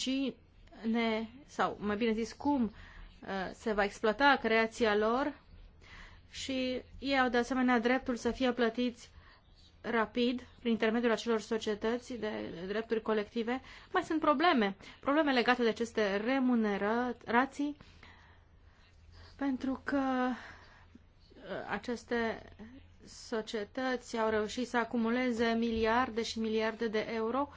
cine, sau mai bine zis cum, uh, se va exploata creația lor și ei au de asemenea dreptul să fie plătiți rapid prin intermediul acelor societăți de drepturi colective. Mai sunt probleme, probleme legate de aceste remunerații pentru că uh, aceste societăți au reușit să acumuleze miliarde și miliarde de euro uh,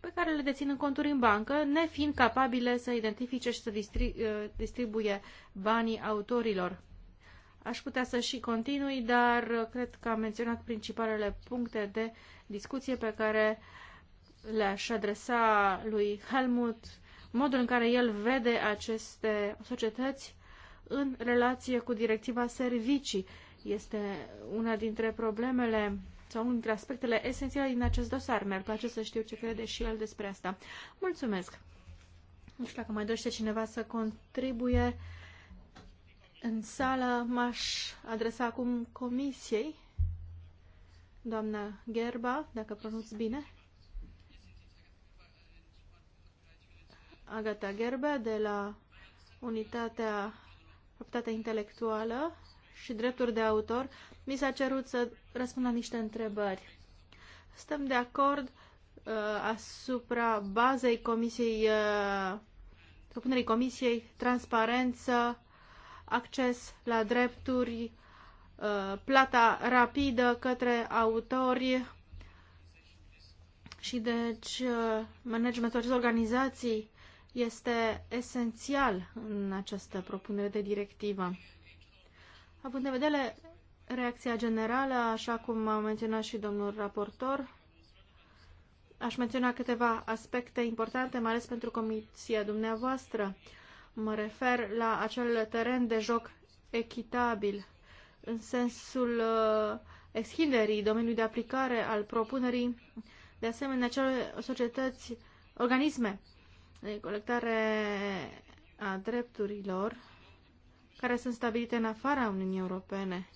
pe care le dețin în conturi în bancă, nefiind capabile să identifice și să uh, distribuie banii autorilor. Aș putea să și continui, dar cred că am menționat principalele puncte de discuție pe care le-aș adresa lui Helmut, modul în care el vede aceste societăți în relație cu directiva servicii. Este una dintre problemele sau unul dintre aspectele esențiale din acest dosar. Mi-ar place să știu ce crede și el despre asta. Mulțumesc! Nu știu dacă mai dorește cineva să contribuie în sală. M-aș adresa acum comisiei. Doamna Gerba, dacă pronunț bine. Agata Gerba de la Unitatea Proprietatea Intelectuală și drepturi de autor, mi s-a cerut să răspund la niște întrebări. Stăm de acord uh, asupra bazei comisiei, uh, propunerii comisiei, transparență, acces la drepturi, uh, plata rapidă către autori și deci uh, managementul acestor organizații este esențial în această propunere de directivă. Având în vedere reacția generală, așa cum a menționat și domnul raportor, aș menționa câteva aspecte importante, mai ales pentru comisia dumneavoastră. Mă refer la acel teren de joc echitabil, în sensul uh, extinderii domeniului de aplicare al propunerii, de asemenea, acele societăți, organisme de colectare a drepturilor care sunt stabilite în afara Uniunii Europene.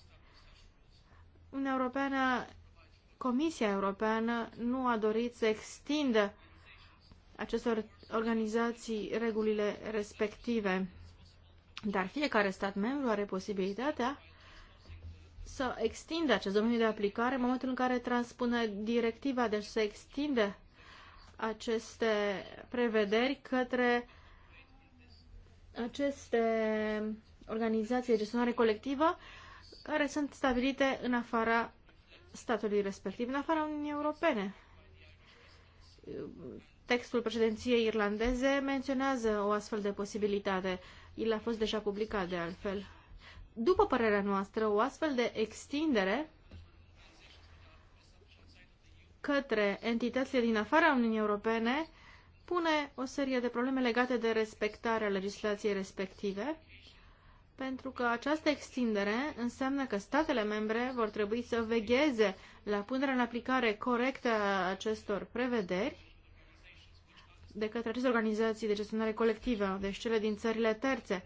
Uniunea Europeană, Comisia Europeană nu a dorit să extindă acestor organizații regulile respective. Dar fiecare stat membru are posibilitatea să extindă acest domeniu de aplicare în momentul în care transpune directiva, deci să extinde aceste prevederi către aceste organizații de gestionare colectivă care sunt stabilite în afara statului respectiv, în afara Uniunii Europene. Textul președinției irlandeze menționează o astfel de posibilitate. El a fost deja publicat de altfel. După părerea noastră, o astfel de extindere către entitățile din afara Uniunii Europene pune o serie de probleme legate de respectarea legislației respective pentru că această extindere înseamnă că statele membre vor trebui să vegheze la punerea în aplicare corectă a acestor prevederi de către aceste organizații de gestionare colectivă, deci cele din țările terțe.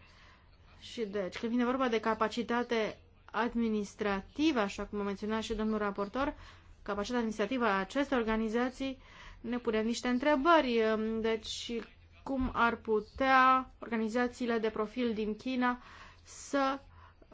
Și deci, când vine vorba de capacitate administrativă, așa cum a menționat și domnul raportor, capacitatea administrativă a acestor organizații, ne punem niște întrebări. Um, deci, cum ar putea organizațiile de profil din China să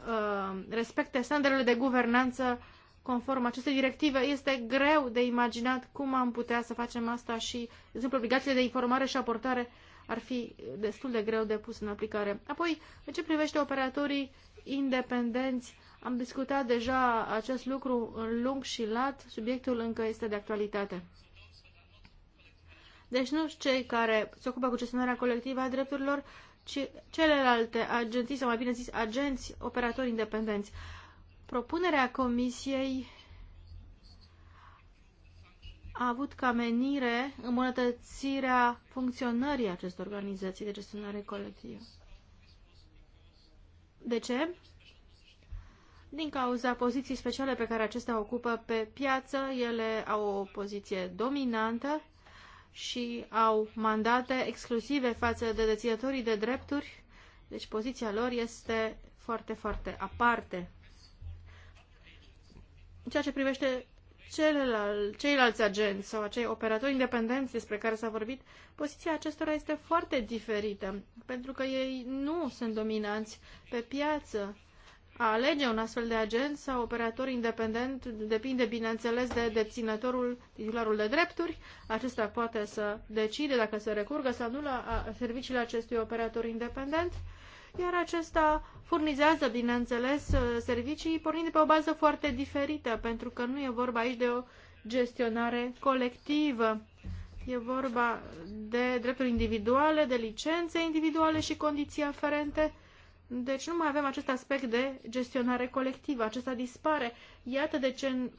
uh, respecte standardele de guvernanță conform acestei directive. Este greu de imaginat cum am putea să facem asta și, de exemplu, obligațiile de informare și aportare ar fi destul de greu de pus în aplicare. Apoi, în ce privește operatorii independenți, am discutat deja acest lucru în lung și lat, subiectul încă este de actualitate. Deci nu cei care se ocupă cu gestionarea colectivă a drepturilor ce, celelalte agenții, sau mai bine zis agenți, operatori independenți. Propunerea Comisiei a avut ca menire îmbunătățirea funcționării acestor organizații de gestionare colectivă. De ce? Din cauza poziției speciale pe care acestea ocupă pe piață, ele au o poziție dominantă și au mandate exclusive față de deținătorii de drepturi, deci poziția lor este foarte, foarte aparte. În ceea ce privește celălalt, ceilalți agenți sau acei operatori independenți despre care s-a vorbit, poziția acestora este foarte diferită, pentru că ei nu sunt dominanți pe piață. A alege un astfel de agent sau operator independent depinde, bineînțeles, de deținătorul, titularul de drepturi. Acesta poate să decide dacă se recurgă sau nu la serviciile acestui operator independent, iar acesta furnizează, bineînțeles, servicii pornind de pe o bază foarte diferită, pentru că nu e vorba aici de o gestionare colectivă. E vorba de drepturi individuale, de licențe individuale și condiții aferente deci nu mai avem acest aspect de gestionare colectivă, acesta dispare. Iată de ce în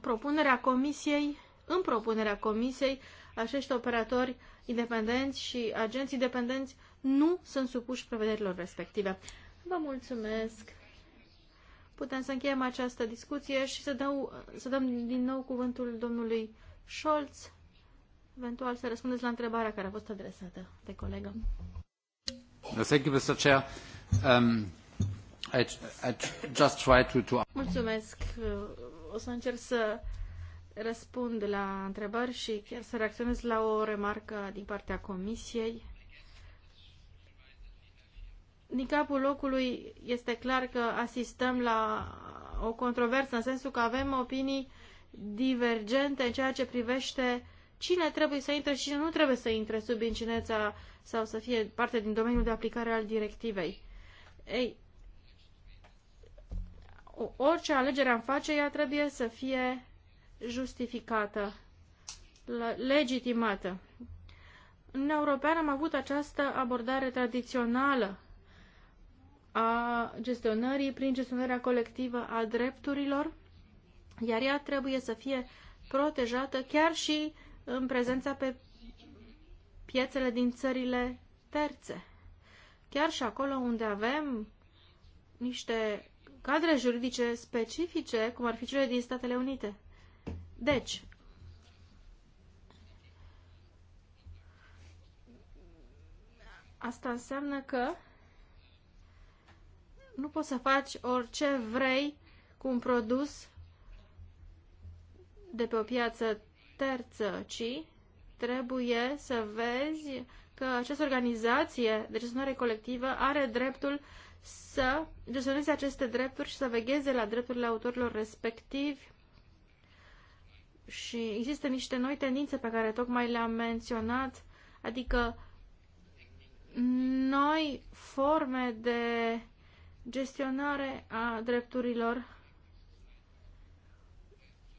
propunerea comisiei, în propunerea comisiei, acești operatori independenți și agenți independenți nu sunt supuși prevederilor respective. Vă mulțumesc! Putem să încheiem această discuție și să, dau, să dăm din nou cuvântul domnului Scholz, eventual să răspundeți la întrebarea care a fost adresată de colegă. Um, Mulțumesc. O să încerc să răspund la întrebări și chiar să reacționez la o remarcă din partea Comisiei. Din capul locului este clar că asistăm la o controversă în sensul că avem opinii divergente în ceea ce privește cine trebuie să intre și cine nu trebuie să intre sub incineța sau să fie parte din domeniul de aplicare al directivei. Ei, orice alegere am face, ea trebuie să fie justificată, legitimată. În european am avut această abordare tradițională a gestionării prin gestionarea colectivă a drepturilor, iar ea trebuie să fie protejată chiar și în prezența pe piețele din țările terțe. Chiar și acolo unde avem niște cadre juridice specifice, cum ar fi cele din Statele Unite. Deci, asta înseamnă că nu poți să faci orice vrei cu un produs de pe o piață terță, ci trebuie să vezi că această organizație de gestionare colectivă are dreptul să gestioneze aceste drepturi și să vegheze la drepturile autorilor respectivi. Și există niște noi tendințe pe care tocmai le-am menționat, adică noi forme de gestionare a drepturilor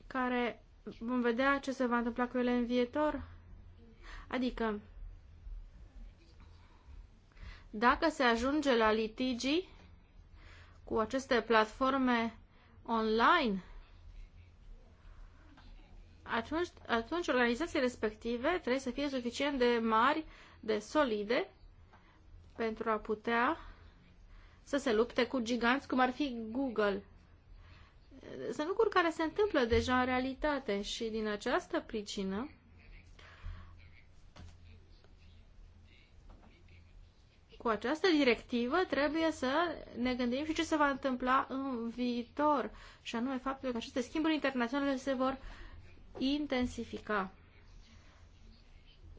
care vom vedea ce se va întâmpla cu ele în viitor. Adică, dacă se ajunge la litigii cu aceste platforme online, atunci, atunci organizațiile respective trebuie să fie suficient de mari, de solide, pentru a putea să se lupte cu giganți cum ar fi Google. Sunt lucruri care se întâmplă deja în realitate și din această pricină cu această directivă trebuie să ne gândim și ce se va întâmpla în viitor, și anume faptul că aceste schimburi internaționale se vor intensifica.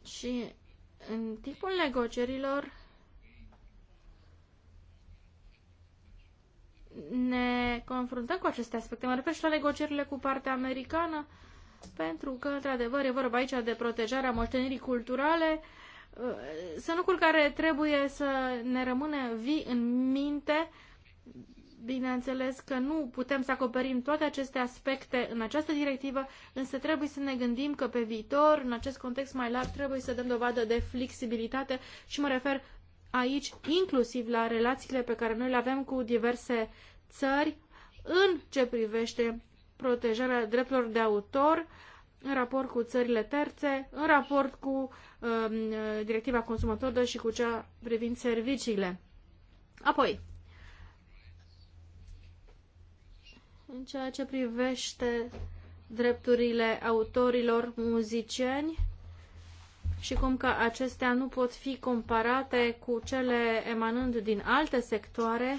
Și în timpul negocierilor ne confruntăm cu aceste aspecte. Mă refer și la negocierile cu partea americană, pentru că, într-adevăr, e vorba aici de protejarea moștenirii culturale, uh, sunt lucruri care trebuie să ne rămână vii în minte. Bineînțeles că nu putem să acoperim toate aceste aspecte în această directivă, însă trebuie să ne gândim că pe viitor, în acest context mai larg, trebuie să dăm dovadă de flexibilitate și mă refer aici inclusiv la relațiile pe care noi le avem cu diverse țări în ce privește protejarea drepturilor de autor, uh, în raport cu țările terțe, în raport cu uh, directiva consumatorilor și cu cea privind serviciile. Apoi, în ceea ce privește drepturile autorilor muzicieni și cum că acestea nu pot fi comparate cu cele emanând din alte sectoare,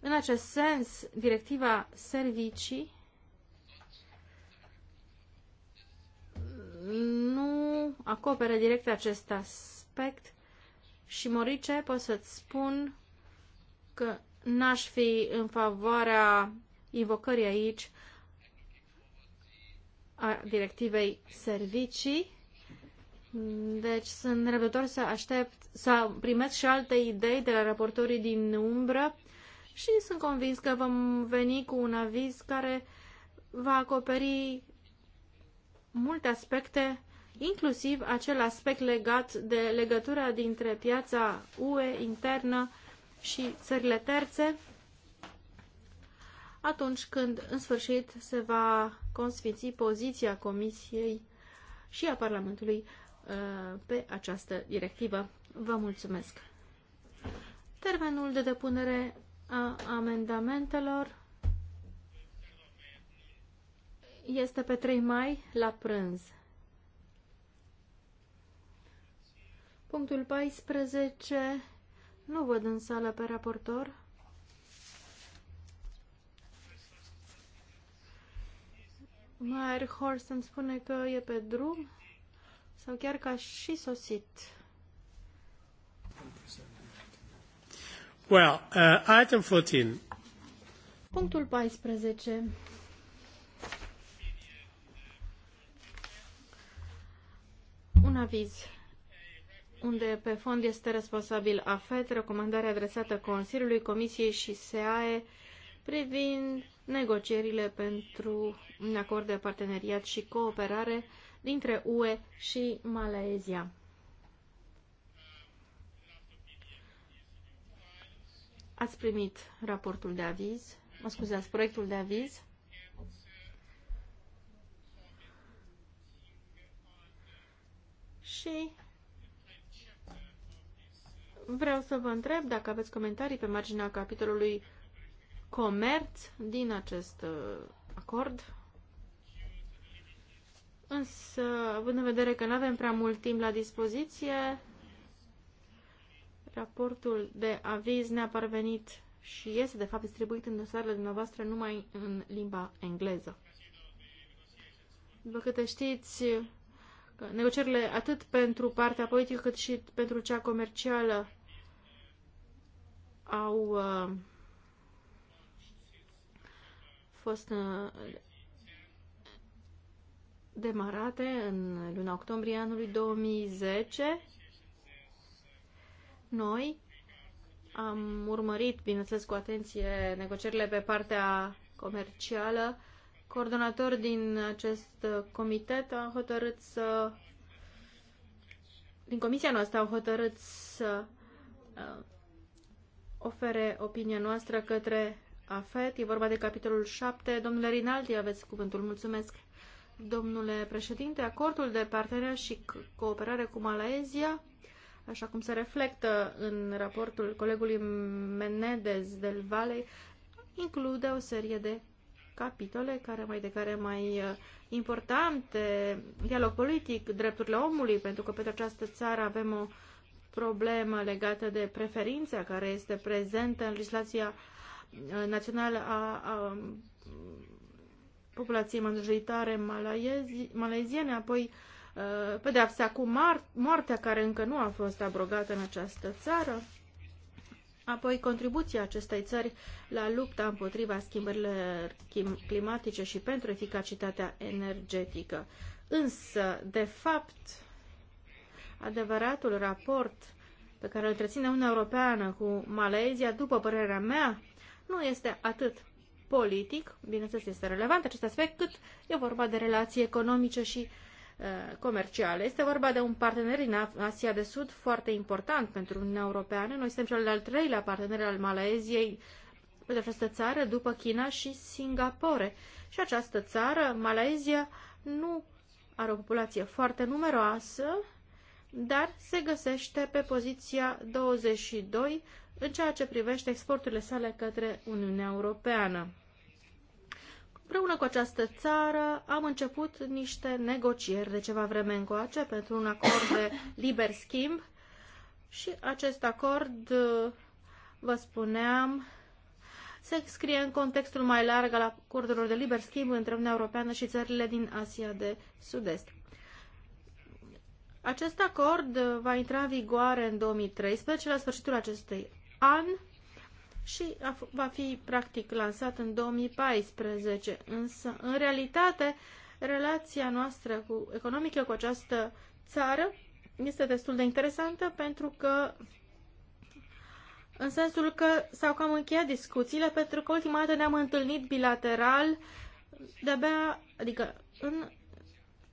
în acest sens, directiva servicii acopere direct acest aspect și, Morice, pot să-ți spun că n-aș fi în favoarea invocării aici a directivei servicii. Deci sunt nerăbdător să aștept să primesc și alte idei de la raportorii din umbră și sunt convins că vom veni cu un aviz care va acoperi multe aspecte inclusiv acel aspect legat de legătura dintre piața UE internă și țările terțe, atunci când, în sfârșit, se va consfinți poziția Comisiei și a Parlamentului uh, pe această directivă. Vă mulțumesc! Termenul de depunere a amendamentelor este pe 3 mai la prânz. Punctul 14. Nu văd în sală pe raportor. Mayer Horst îmi spune că e pe drum sau chiar că a și sosit. Well, uh, item 14. Punctul 14. Un aviz unde pe fond este responsabil AFET, recomandare adresată Consiliului, Comisiei și SEAE privind negocierile pentru un acord de parteneriat și cooperare dintre UE și Malaezia. Ați primit raportul de aviz, mă scuzați, proiectul de aviz. Și Vreau să vă întreb dacă aveți comentarii pe marginea capitolului comerț din acest uh, acord. Însă, având în vedere că nu avem prea mult timp la dispoziție, raportul de aviz ne-a parvenit și este, de fapt, distribuit în dosarele dumneavoastră numai în limba engleză. După câte știți, negocierile atât pentru partea politică cât și pentru cea comercială au uh, fost uh, demarate în luna octombrie anului 2010. Noi am urmărit, bineînțeles, cu atenție negocierile pe partea comercială coordonator din acest comitet a hotărât să din comisia noastră au hotărât să uh, ofere opinia noastră către AFET. E vorba de capitolul 7. Domnule Rinaldi, aveți cuvântul. Mulțumesc, domnule președinte. Acordul de parteneriat și cooperare cu Malaezia, așa cum se reflectă în raportul colegului Menedez del Valle, include o serie de capitole care mai de care mai uh, importante, dialog politic, drepturile omului, pentru că pentru această țară avem o problemă legată de preferința care este prezentă în legislația uh, națională a, a um, populației majoritare maleziene, apoi uh, pedeapsa cu moartea care încă nu a fost abrogată în această țară. Apoi, contribuția acestei țări la lupta împotriva schimbărilor climatice și pentru eficacitatea energetică. Însă, de fapt, adevăratul raport pe care îl treține Uniunea Europeană cu Malezia, după părerea mea, nu este atât politic, bineînțeles este relevant acest aspect, cât e vorba de relații economice și uh, Uh, comerciale. Este vorba de un partener din Asia de Sud foarte important pentru Uniunea Europeană. Noi suntem cel de-al treilea partener al Malaeziei pentru această țară, după China și Singapore. Și această țară, Malaezia, nu are o populație foarte numeroasă, dar se găsește pe poziția 22 în ceea ce privește exporturile sale către Uniunea Europeană. Împreună cu această țară am început niște negocieri de ceva vreme încoace pentru un acord de liber schimb și acest acord, vă spuneam, se scrie în contextul mai larg al acordurilor de liber schimb între Uniunea Europeană și țările din Asia de Sud-Est. Acest acord va intra în vigoare în 2013, la sfârșitul acestui an, și va fi practic lansat în 2014. Însă, în realitate, relația noastră cu, economică cu această țară este destul de interesantă pentru că în sensul că s-au cam încheiat discuțiile pentru că ultima dată ne-am întâlnit bilateral de-abia, adică în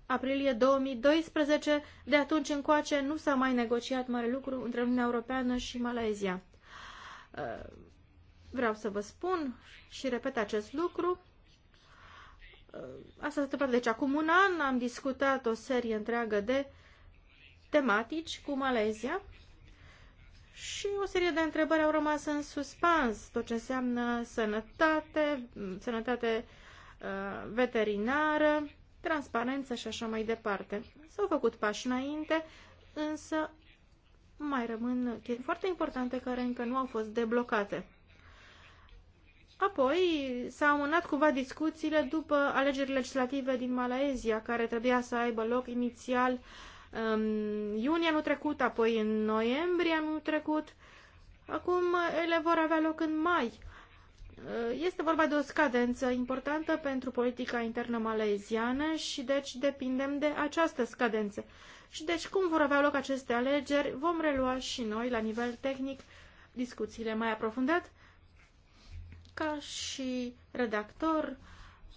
aprilie 2012, de atunci încoace nu s-a mai negociat mare lucru între Uniunea Europeană și Malaezia. Vreau să vă spun și repet acest lucru. Asta s-a întâmplat. Deci acum un an am discutat o serie întreagă de tematici cu Malezia și o serie de întrebări au rămas în suspans. Tot ce înseamnă sănătate, sănătate uh, veterinară, transparență și așa mai departe. S-au făcut pași înainte, însă mai rămân chestii foarte importante care încă nu au fost deblocate. Apoi s-au amânat cumva discuțiile după alegerile legislative din Malaezia, care trebuia să aibă loc inițial um, iunie anul trecut, apoi în noiembrie anul trecut. Acum ele vor avea loc în mai. Uh, este vorba de o scadență importantă pentru politica internă maleziană și deci depindem de această scadență. Și deci cum vor avea loc aceste alegeri, vom relua și noi la nivel tehnic discuțiile mai aprofundate ca și redactor,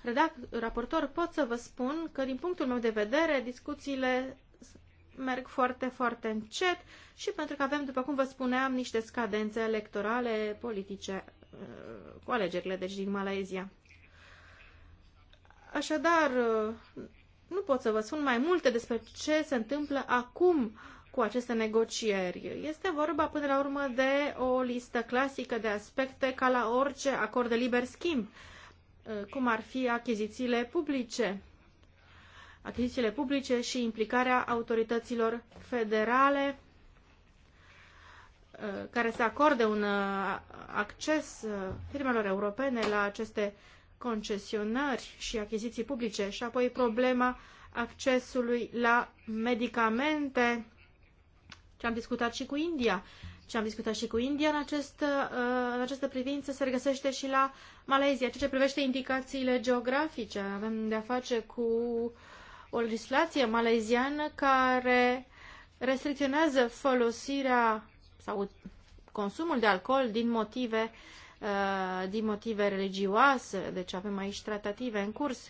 redact, raportor, pot să vă spun că, din punctul meu de vedere, discuțiile merg foarte, foarte încet și pentru că avem, după cum vă spuneam, niște scadențe electorale, politice, uh, cu alegerile, deci din Malaezia. Așadar, uh, nu pot să vă spun mai multe despre ce se întâmplă acum cu aceste negocieri. Este vorba până la urmă de o listă clasică de aspecte ca la orice acord de liber schimb, uh, cum ar fi achizițiile publice, achizițiile publice și implicarea autorităților federale uh, care să acorde un uh, acces firmelor europene la aceste concesionări și achiziții publice și apoi problema accesului la medicamente ce am discutat și cu India. Ce am discutat și cu India în, acest, uh, în această privință se regăsește și la Malezia. Ceea ce privește indicațiile geografice, avem de-a face cu o legislație maleziană care restricționează folosirea sau consumul de alcool din motive, uh, din motive religioase, deci avem aici tratative în curs.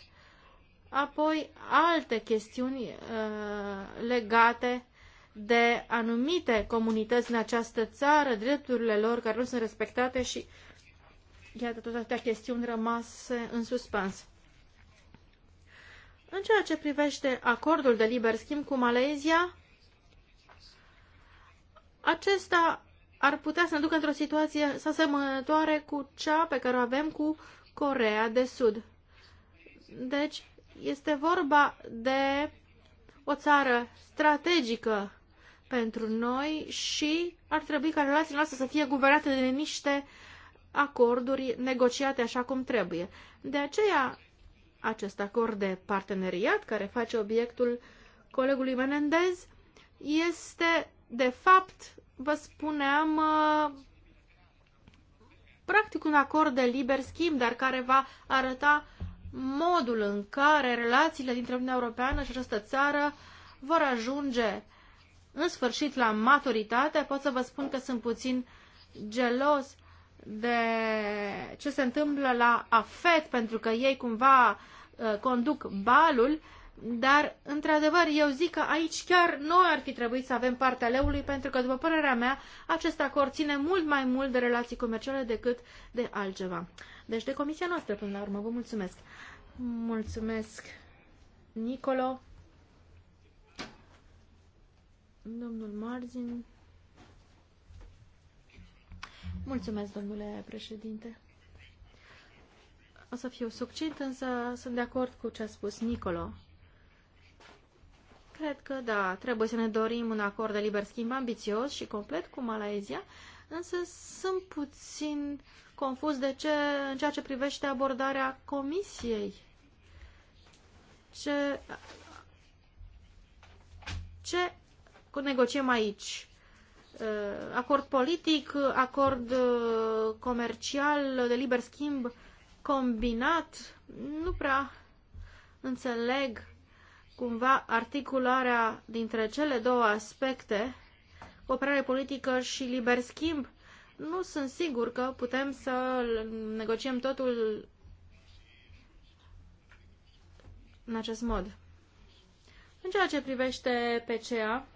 Apoi alte chestiuni uh, legate de anumite comunități în această țară, drepturile lor care nu sunt respectate și iată toate atâtea chestiuni rămase în suspans. În ceea ce privește acordul de liber schimb cu Malezia, acesta ar putea să ne ducă într-o situație asemănătoare cu cea pe care o avem cu Corea de Sud. Deci, este vorba de o țară strategică pentru noi și ar trebui ca relația noastră să fie guvernată de niște acorduri negociate așa cum trebuie. De aceea, acest acord de parteneriat care face obiectul colegului Menendez este, de fapt, vă spuneam, uh, practic un acord de liber schimb, dar care va arăta modul în care relațiile dintre Uniunea Europeană și această țară vor ajunge în sfârșit la maturitate, pot să vă spun că sunt puțin gelos de ce se întâmplă la AFET, pentru că ei cumva uh, conduc balul, dar, într-adevăr, eu zic că aici chiar noi ar fi trebuit să avem partea leului, pentru că, după părerea mea, acest acord ține mult mai mult de relații comerciale decât de altceva. Deci de comisia noastră, până la urmă. Vă mulțumesc! Mulțumesc, Nicolo! Domnul Marzin. Mulțumesc, domnule președinte. O să fiu succint, însă sunt de acord cu ce a spus Nicolo. Cred că, da, trebuie să ne dorim un acord de liber schimb ambițios și complet cu Malaezia, însă sunt puțin confuz de ce, în ceea ce privește abordarea Comisiei. Ce, ce negociem aici uh, acord politic, acord uh, comercial, de liber schimb combinat, nu prea înțeleg cumva articularea dintre cele două aspecte, cooperare politică și liber schimb. Nu sunt sigur că putem să negociem totul în acest mod. În ceea ce privește PCA,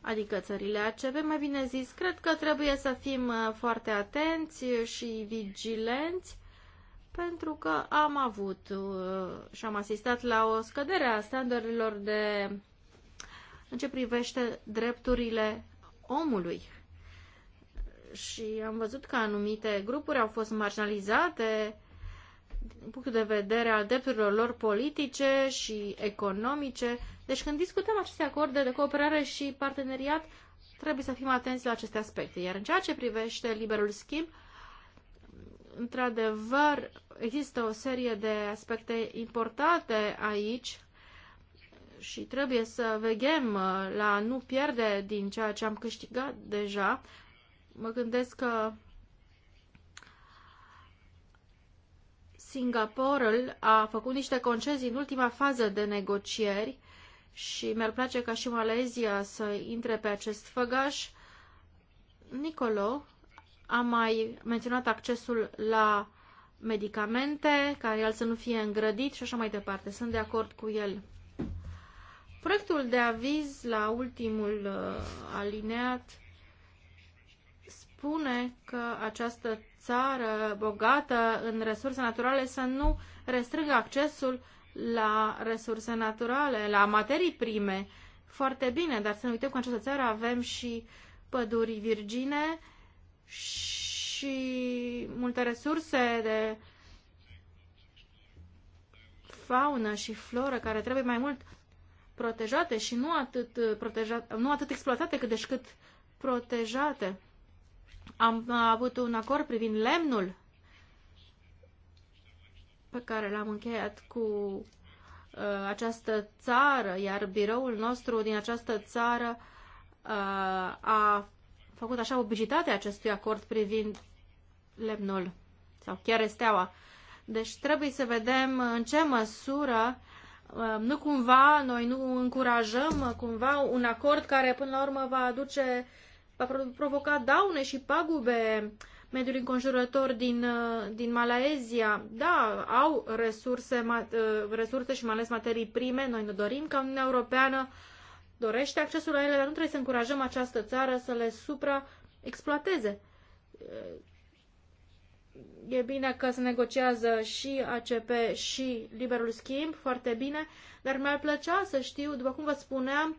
adică țările ACV, mai bine zis, cred că trebuie să fim uh, foarte atenți și vigilenți pentru că am avut uh, și am asistat la o scădere a standardelor de în ce privește drepturile omului. Și am văzut că anumite grupuri au fost marginalizate din punctul de vedere al drepturilor lor politice și economice deci când discutăm aceste acorde de cooperare și parteneriat, trebuie să fim atenți la aceste aspecte. Iar în ceea ce privește liberul schimb, într-adevăr, există o serie de aspecte importante aici și trebuie să vegem uh, la nu pierde din ceea ce am câștigat deja. Mă gândesc că Singaporul a făcut niște concezii în ultima fază de negocieri și mi-ar place ca și Malezia să intre pe acest făgaș. Nicolo a mai menționat accesul la medicamente, ca el să nu fie îngrădit și așa mai departe. Sunt de acord cu el. Proiectul de aviz la ultimul uh, alineat spune că această țară bogată în resurse naturale să nu restrângă accesul la resurse naturale, la materii prime. Foarte bine, dar să nu uităm că în această țară avem și păduri virgine și multe resurse de faună și floră care trebuie mai mult protejate și nu atât, protejate, nu atât exploatate cât deși cât protejate. Am avut un acord privind lemnul pe care l-am încheiat cu uh, această țară, iar biroul nostru din această țară uh, a făcut așa obligitatea acestui acord privind lemnul sau chiar esteaua. Deci trebuie să vedem în ce măsură uh, nu cumva noi nu încurajăm uh, cumva un acord care până la urmă va aduce va provoca daune și pagube uh, mediul înconjurător din, uh, din Malaezia, da, au resurse, uh, resurse și mai ales materii prime. Noi ne dorim ca Uniunea Europeană dorește accesul la ele, dar nu trebuie să încurajăm această țară să le supraexploateze. Uh, e bine că se negociază și ACP și liberul schimb, foarte bine, dar mi-ar plăcea să știu, după cum vă spuneam,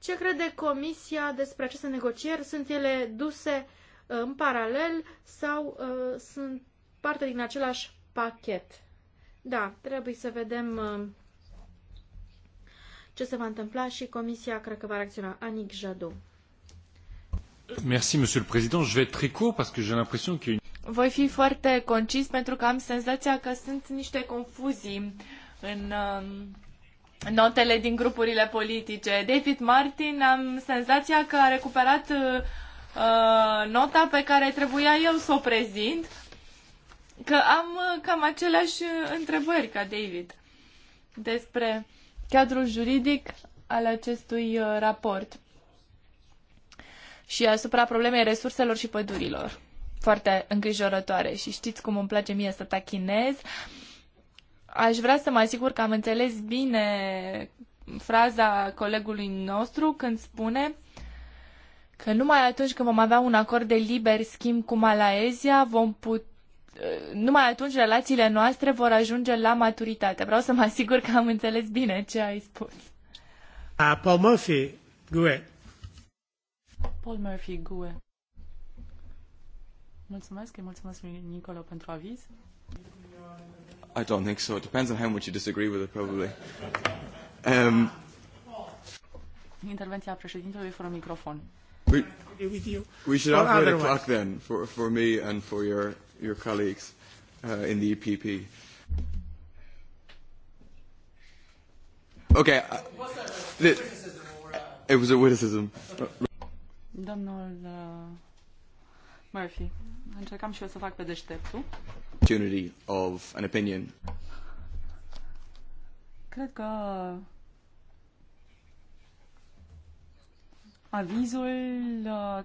ce crede Comisia despre aceste negocieri? Sunt ele duse în paralel sau uh, sunt parte din același pachet. Da, trebuie să vedem uh, ce se va întâmpla și Comisia cred că va reacționa. Anic Jadot. Merci, Monsieur le Président. Je vais être très court parce que j'ai l'impression qu'il y a une... Voi fi foarte concis pentru că am senzația că sunt niște confuzii în uh, notele din grupurile politice. David Martin, am senzația că a recuperat uh, Uh, nota pe care trebuia eu să o prezint, că am uh, cam aceleași uh, întrebări ca David despre cadrul juridic al acestui raport și asupra problemei resurselor și pădurilor. Foarte îngrijorătoare și știți cum îmi place mie să tachinez. Aș vrea să mă asigur că am înțeles bine fraza colegului nostru când spune că numai atunci când vom avea un acord de liber schimb cu Malaezia, vom put... Eh, numai atunci relațiile noastre vor ajunge la maturitate. Vreau să mă asigur că am înțeles bine ce ai spus. A, ah, Paul Murphy, GUE. Paul Murphy, GUE. Mulțumesc, îi mulțumesc lui Nicolo pentru aviz. I don't think so. It depends on how much you disagree with it, probably. Um... Intervenția președintelui fără microfon. We, with you. We should or operate otherwise. a clock then for, for me and for your, your colleagues uh, in the EPP. Okay. Uh, the, it was a witticism. Domnul uh, Murphy, încercam și eu să fac pe deșteptul. Opportunity of an opinion. Cred că Avizul uh,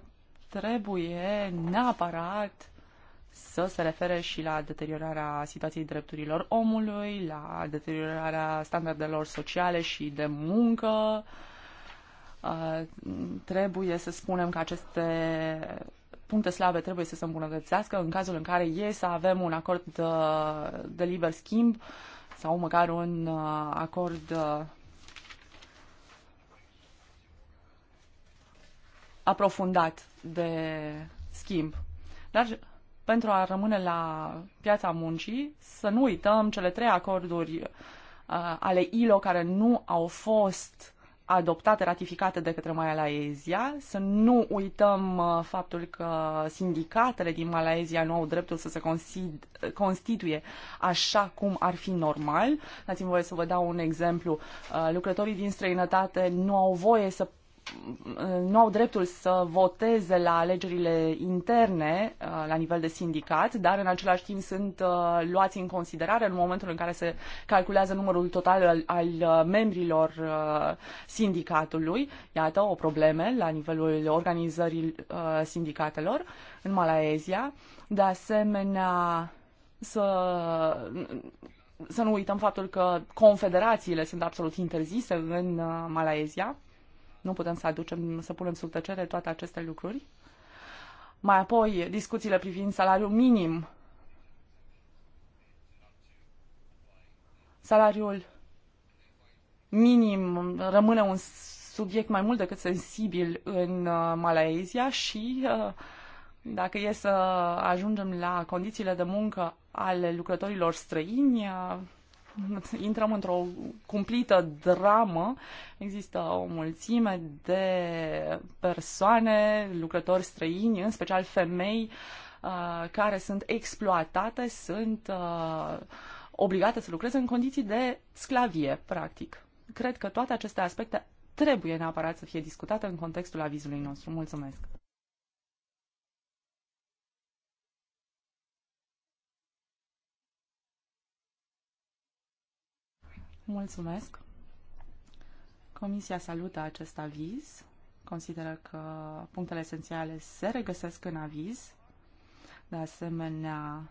trebuie neapărat să se refere și la deteriorarea situației drepturilor omului, la deteriorarea standardelor sociale și de muncă. Uh, trebuie să spunem că aceste puncte slabe trebuie să se îmbunătățească în cazul în care e să avem un acord de, uh, de liber schimb sau măcar un acord aprofundat de schimb. Dar pentru a rămâne la piața muncii, să nu uităm cele trei acorduri uh, ale ILO care nu au fost adoptate, ratificate de către Malaezia, să nu uităm uh, faptul că sindicatele din Malaezia nu au dreptul să se constituie așa cum ar fi normal. Dați-mi voie să vă dau un exemplu. Uh, lucrătorii din străinătate nu au voie să nu au dreptul să voteze la alegerile interne uh, la nivel de sindicat, dar în același timp sunt uh, luați în considerare în momentul în care se calculează numărul total al, al uh, membrilor sindicatului. Iată o probleme la nivelul organizării sindicatelor în Malaezia. De asemenea, să să nu uităm faptul că confederațiile sunt absolut interzise în Malaezia. Nu putem să aducem, să punem sub tăcere toate aceste lucruri. Mai apoi, discuțiile privind salariul minim. Salariul minim rămâne un subiect mai mult decât sensibil în uh, Malaezia și uh, dacă e să ajungem la condițiile de muncă ale lucrătorilor străini, uh, intrăm într-o cumplită dramă. Există o mulțime de persoane, lucrători străini, în special femei, uh, care sunt exploatate, sunt uh, obligate să lucreze în condiții de sclavie, practic. Cred că toate aceste aspecte trebuie neapărat să fie discutate în contextul avizului nostru. Mulțumesc! Mulțumesc. Comisia salută acest aviz. Consideră că punctele esențiale se regăsesc în aviz. De asemenea,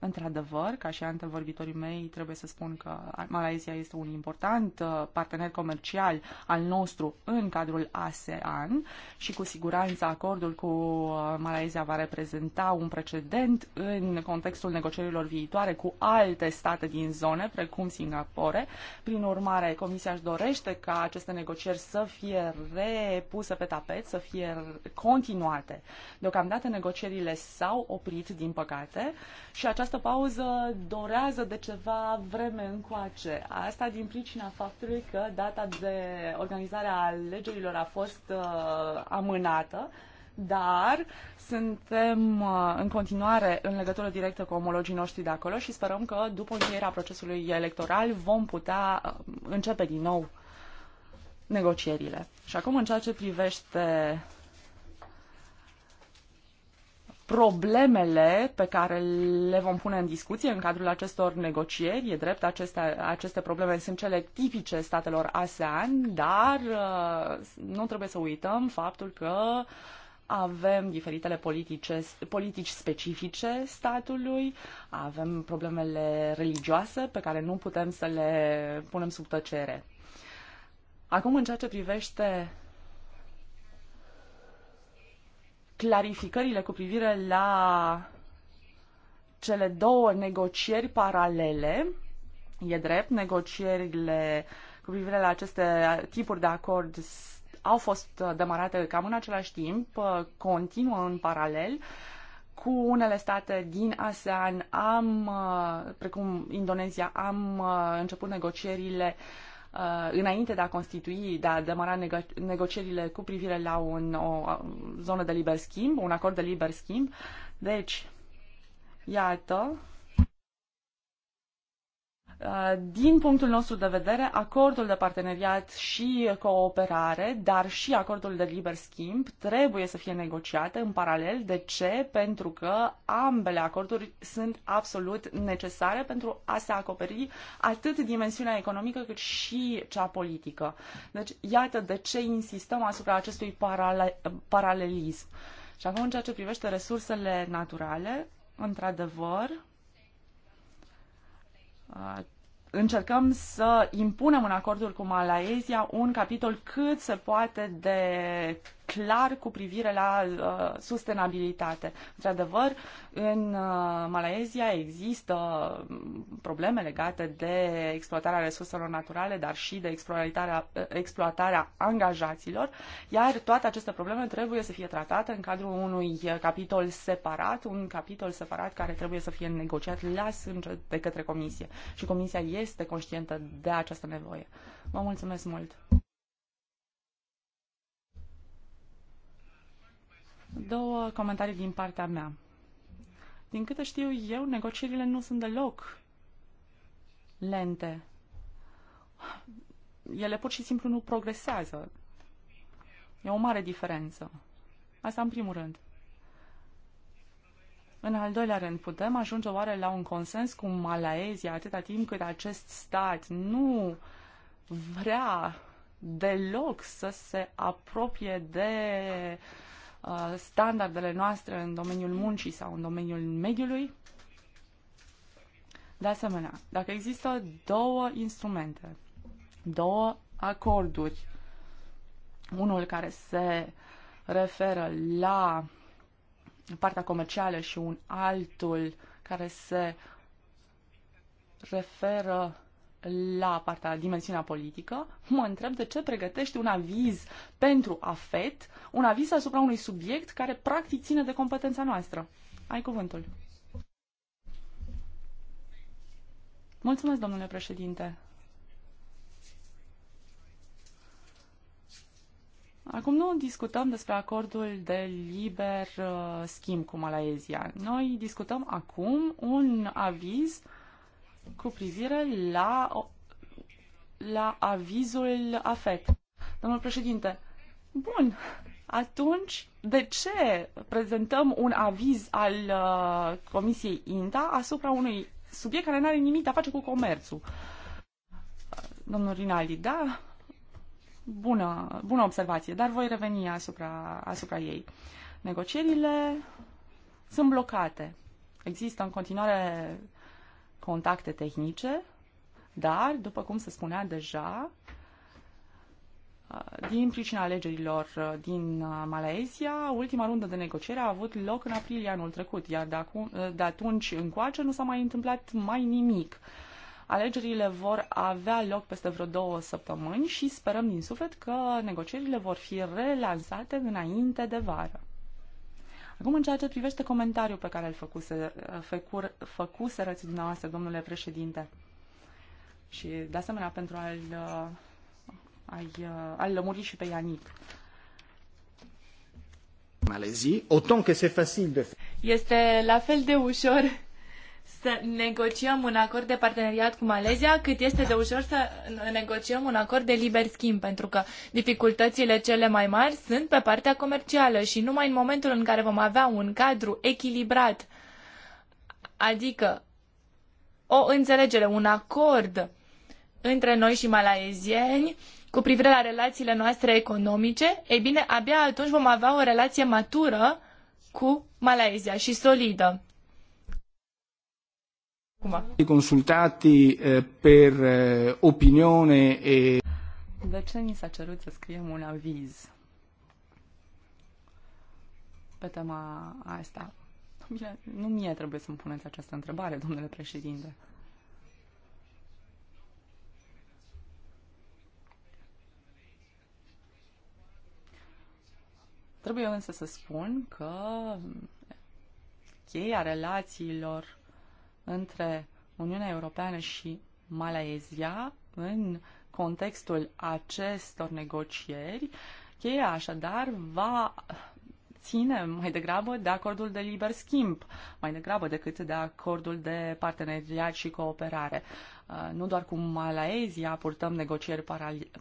Într-adevăr, ca și antevorbitorii mei, trebuie să spun că Malaysia este un important uh, partener comercial al nostru în cadrul ASEAN și cu siguranță acordul cu uh, Malaysia va reprezenta un precedent în contextul negocierilor viitoare cu alte state din zone, precum Singapore. Prin urmare, Comisia își dorește ca aceste negocieri să fie repuse pe tapet, să fie continuate. Deocamdată negocierile s-au oprit, din păcate, și această această pauză dorează de ceva vreme încoace. Asta din pricina faptului că data de organizare a alegerilor a fost uh, amânată, dar suntem uh, în continuare în legătură directă cu omologii noștri de acolo și sperăm că după încheierea procesului electoral vom putea uh, începe din nou negocierile. Și acum în ceea ce privește problemele pe care le vom pune în discuție în cadrul acestor negocieri. E drept, aceste, aceste probleme sunt cele tipice statelor ASEAN, dar uh, nu trebuie să uităm faptul că avem diferitele politice, politici specifice statului, avem problemele religioase pe care nu putem să le punem sub tăcere. Acum, în ceea ce privește clarificările cu privire la cele două negocieri paralele. E drept, negocierile cu privire la aceste tipuri de acord au fost demarate cam în același timp, continuă în paralel. Cu unele state din ASEAN am, precum Indonezia, am început negocierile uh, Uh, înainte de a constitui, de a demara nego negocierile cu privire la un, o zonă de liber schimb, un acord de liber schimb. Deci, iată, Uh, din punctul nostru de vedere, acordul de parteneriat și cooperare, dar și acordul de liber schimb trebuie să fie negociate în paralel. De ce? Pentru că ambele acorduri sunt absolut necesare pentru a se acoperi atât dimensiunea economică cât și cea politică. Deci, iată de ce insistăm asupra acestui parale- paralelism. Și acum, în ceea ce privește resursele naturale, într-adevăr, încercăm să impunem în acordul cu Malaezia un capitol cât se poate de clar cu privire la uh, sustenabilitate. Într-adevăr, în uh, Malaezia există mm, probleme legate de exploatarea resurselor naturale, dar și de exploatarea, uh, exploatarea angajaților, iar toate aceste probleme trebuie să fie tratate în cadrul unui capitol separat, un capitol separat care trebuie să fie negociat la sânge de către Comisie. Și Comisia este conștientă de această nevoie. Vă mulțumesc mult! Două comentarii din partea mea. Din câte știu eu, negocierile nu sunt deloc lente. Ele pur și simplu nu progresează. E o mare diferență. Asta în primul rând. În al doilea rând, putem ajunge oare la un consens cu Malaezia atâta timp cât acest stat nu vrea deloc să se apropie de uh, Uh, standardele noastre în domeniul muncii sau în domeniul mediului. De asemenea, dacă există două instrumente, două acorduri, unul care se referă la partea comercială și un altul care se referă la partea, dimensiunea politică, mă întreb de ce pregătești un aviz pentru AFET, un aviz asupra unui subiect care practic ține de competența noastră. Ai cuvântul. Mulțumesc, domnule președinte. Acum nu discutăm despre acordul de liber uh, schimb cu Malaezia. Noi discutăm acum un aviz uh, cu privire la, la avizul AFET. Domnul președinte, bun, atunci de ce prezentăm un aviz al uh, Comisiei INTA asupra unui subiect care nu are nimic de a face cu comerțul? Domnul Rinaldi, da, bună, bună observație, dar voi reveni asupra, asupra ei. Negocierile sunt blocate. Există în continuare contacte tehnice, dar, după cum se spunea deja, din pricina alegerilor uh, din uh, Malaezia, ultima rundă de negociere a avut loc în aprilie anul trecut, iar de, acu- uh, de atunci încoace nu s-a mai întâmplat mai nimic. Alegerile vor avea loc peste vreo două săptămâni și sperăm din suflet că negocierile vor fi relansate înainte de vară. Acum, în ceea ce privește comentariul pe care îl făcuse, făcur, rății dumneavoastră, domnule președinte, și de asemenea pentru a-l, uh, a-i, uh, a lămuri și pe Ianic. Este la fel de ușor să negociem un acord de parteneriat cu Malezia, cât este de ușor să negociem un acord de liber schimb, pentru că dificultățile cele mai mari sunt pe partea comercială și numai în momentul în care vom avea un cadru echilibrat, adică o înțelegere, un acord între noi și malaezieni cu privire la relațiile noastre economice, ei bine, abia atunci vom avea o relație matură cu Malaezia și solidă. I consultati eh, per eh, opinione e... De ce ni s-a cerut să scriem un aviz pe tema asta? Bine, nu mie trebuie să-mi puneți această întrebare, domnule președinte. Trebuie însă să spun că cheia relațiilor între Uniunea Europeană și Malaezia în contextul acestor negocieri. Cheia așadar va ține mai degrabă de acordul de liber schimb, mai degrabă decât de acordul de parteneriat și cooperare. Uh, nu doar cu Malaezia purtăm negocieri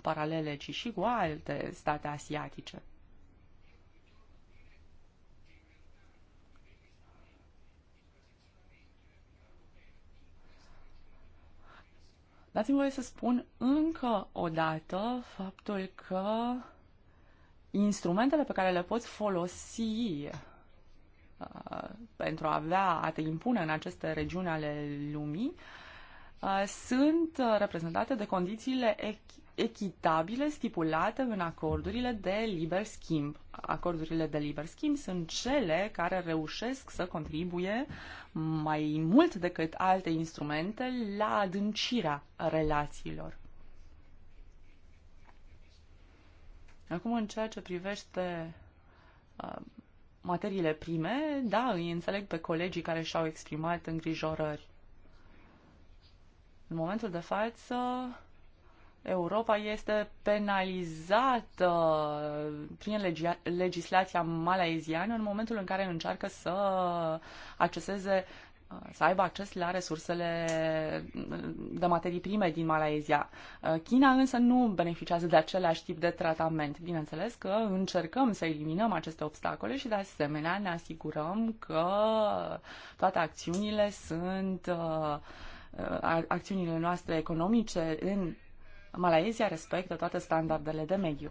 paralele, ci și cu alte state asiatice. Dați-mi voie să spun încă o dată faptul că instrumentele pe care le poți folosi uh, pentru a avea, a te impune în aceste regiuni ale lumii, uh, sunt uh, reprezentate de condițiile echitabile stipulate în acordurile de liber schimb. Acordurile de liber schimb sunt cele care reușesc să contribuie mai mult decât alte instrumente la adâncirea relațiilor. Acum, în ceea ce privește uh, materiile prime, da, îi înțeleg pe colegii care și-au exprimat îngrijorări. În momentul de față, Europa este penalizată prin legia- legislația malaiziană în momentul în care încearcă să acceseze să aibă acces la resursele de materii prime din Malaezia. China însă nu beneficiază de același tip de tratament. Bineînțeles că încercăm să eliminăm aceste obstacole și de asemenea ne asigurăm că toate acțiunile sunt uh, acțiunile noastre economice în Malaezia respectă toate standardele de mediu.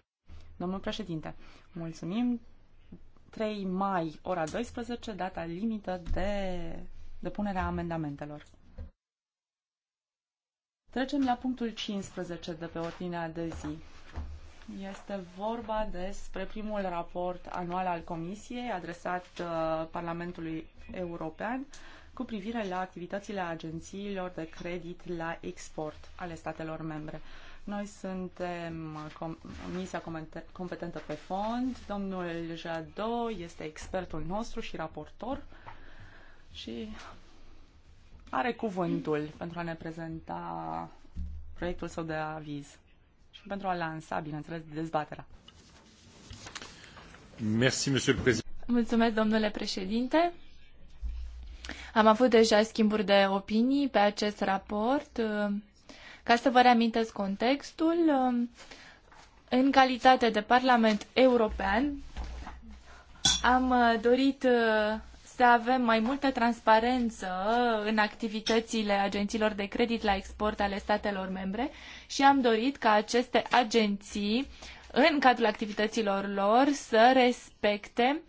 Domnul președinte, mulțumim. 3 mai, ora 12, data limită de depunerea amendamentelor. Trecem la punctul 15 de pe ordinea de zi. Este vorba despre primul raport anual al Comisiei adresat uh, Parlamentului European cu privire la activitățile agențiilor de credit la export ale statelor membre. Noi suntem comisia competentă pe fond, domnul Jado este expertul nostru și raportor și are cuvântul pentru a ne prezenta proiectul său de aviz și pentru a lansa, bineînțeles, dezbaterea. Merci, monsieur président. Mulțumesc, domnule președinte. Am avut deja schimburi de opinii pe acest raport. Ca să vă reamintesc contextul, um, în calitate de Parlament European, am uh, dorit uh, să avem mai multă transparență în activitățile agențiilor de credit la export ale statelor membre și am dorit ca aceste agenții, în cadrul activităților lor, să respecte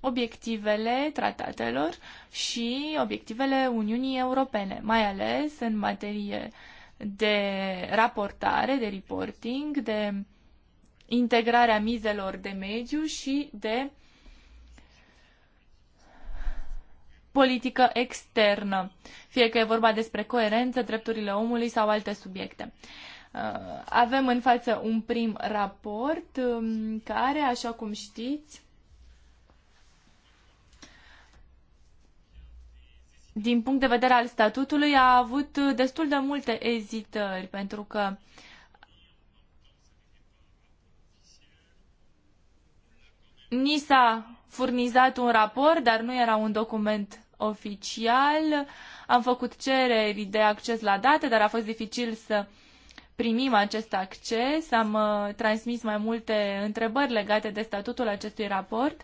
obiectivele tratatelor și obiectivele Uniunii Europene, mai ales în materie de raportare, de reporting, de integrarea mizelor de mediu și de politică externă, fie că e vorba despre coerență, drepturile omului sau alte subiecte. Uh, avem în față un prim raport um, care, așa cum știți, din punct de vedere al statutului, a avut destul de multe ezitări, pentru că ni s-a furnizat un raport, dar nu era un document oficial. Am făcut cereri de acces la date, dar a fost dificil să primim acest acces. Am uh, transmis mai multe întrebări legate de statutul acestui raport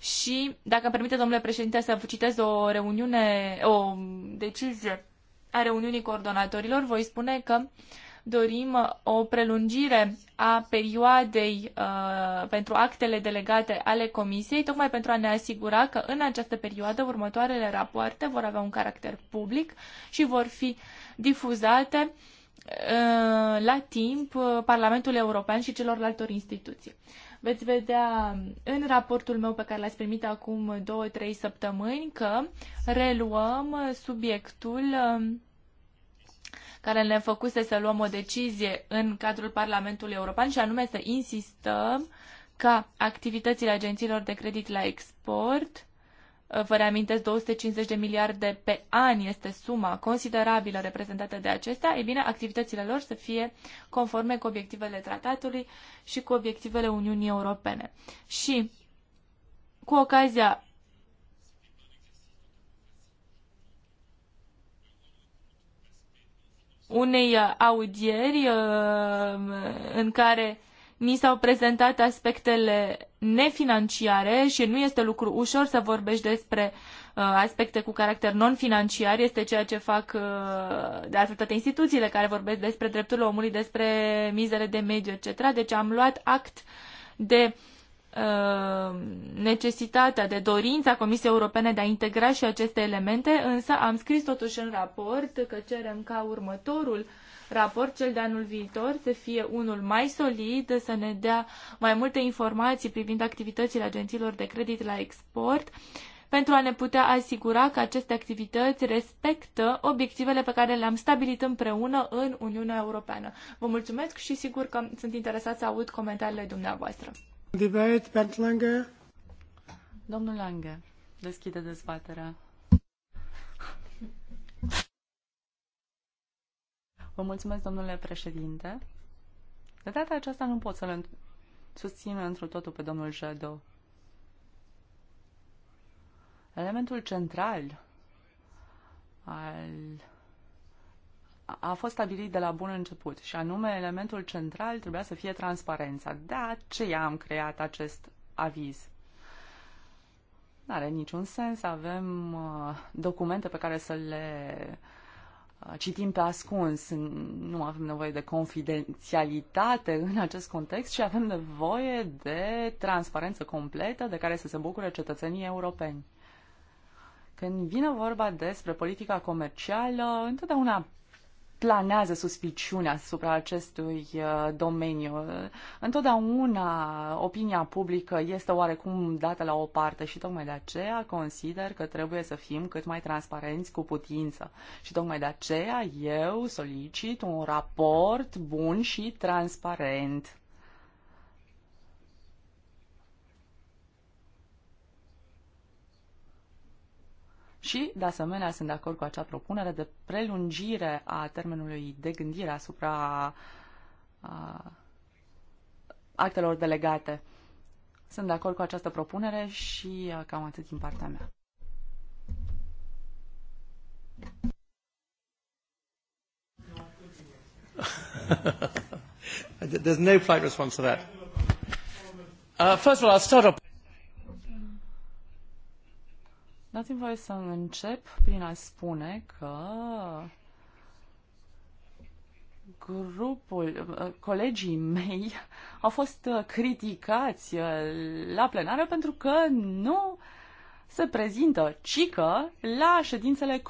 și, dacă îmi permite, domnule președinte, să vă citez o reuniune, o decizie a reuniunii coordonatorilor, voi spune că dorim o prelungire a perioadei uh, pentru actele delegate ale Comisiei, tocmai pentru a ne asigura că în această perioadă următoarele rapoarte vor avea un caracter public și vor fi difuzate uh, la timp uh, Parlamentul European și celorlalte instituții veți vedea în raportul meu pe care l-ați primit acum 2-3 săptămâni că reluăm subiectul um, care ne făcuse să luăm o decizie în cadrul Parlamentului European și anume să insistăm ca activitățile agențiilor de credit la export Uh, vă reamintesc, 250 de miliarde pe an este suma considerabilă reprezentată de acestea. E bine, activitățile lor să fie conforme cu obiectivele tratatului și cu obiectivele Uniunii Europene. Și cu ocazia unei uh, audieri uh, în care ni s-au prezentat aspectele nefinanciare și nu este lucru ușor să vorbești despre uh, aspecte cu caracter non-financiar, este ceea ce fac uh, de altfel toate instituțiile care vorbesc despre drepturile omului, despre mizele de mediu, etc. Deci am luat act de uh, necesitatea, de dorința Comisiei Europene de a integra și aceste elemente, însă am scris totuși în raport că cerem ca următorul uh, raport, cel de anul viitor, să fie unul mai solid, să ne dea mai multe informații privind activitățile agențiilor de credit la export, pentru a ne putea asigura că aceste activități respectă obiectivele pe care le-am stabilit împreună în Uniunea Europeană. Vă mulțumesc și sigur că sunt interesat să aud comentariile dumneavoastră. Domnul Lange, deschide dezbaterea. Vă mulțumesc, domnule președinte. De data aceasta nu pot să-l susțin într totul pe domnul Jado. Elementul central al a fost stabilit de la bun început și anume elementul central trebuia să fie transparența. De aceea am creat acest aviz. Nu are niciun sens, avem uh, documente pe care să le Uh, citim pe ascuns, nu avem nevoie de confidențialitate în acest context, și avem nevoie de transparență completă de care să se bucure cetățenii europeni. Când vine vorba despre politica comercială, întotdeauna planează suspiciunea asupra acestui uh, domeniu. Întotdeauna opinia publică este oarecum dată la o parte și tocmai de aceea consider că trebuie să fim cât mai transparenți cu putință. Și tocmai de aceea eu solicit un raport bun și transparent. Și, de asemenea, sunt de acord cu acea propunere de prelungire a termenului de gândire asupra a, actelor delegate. Sunt de acord cu această propunere și a, cam atât din partea mea. There's no flight response to that. Uh, first of all, I'll start up. Dați-mi voie să încep prin a spune că grupul, uh, colegii mei au fost uh, criticați uh, la plenară pentru că nu se prezintă cică la ședințele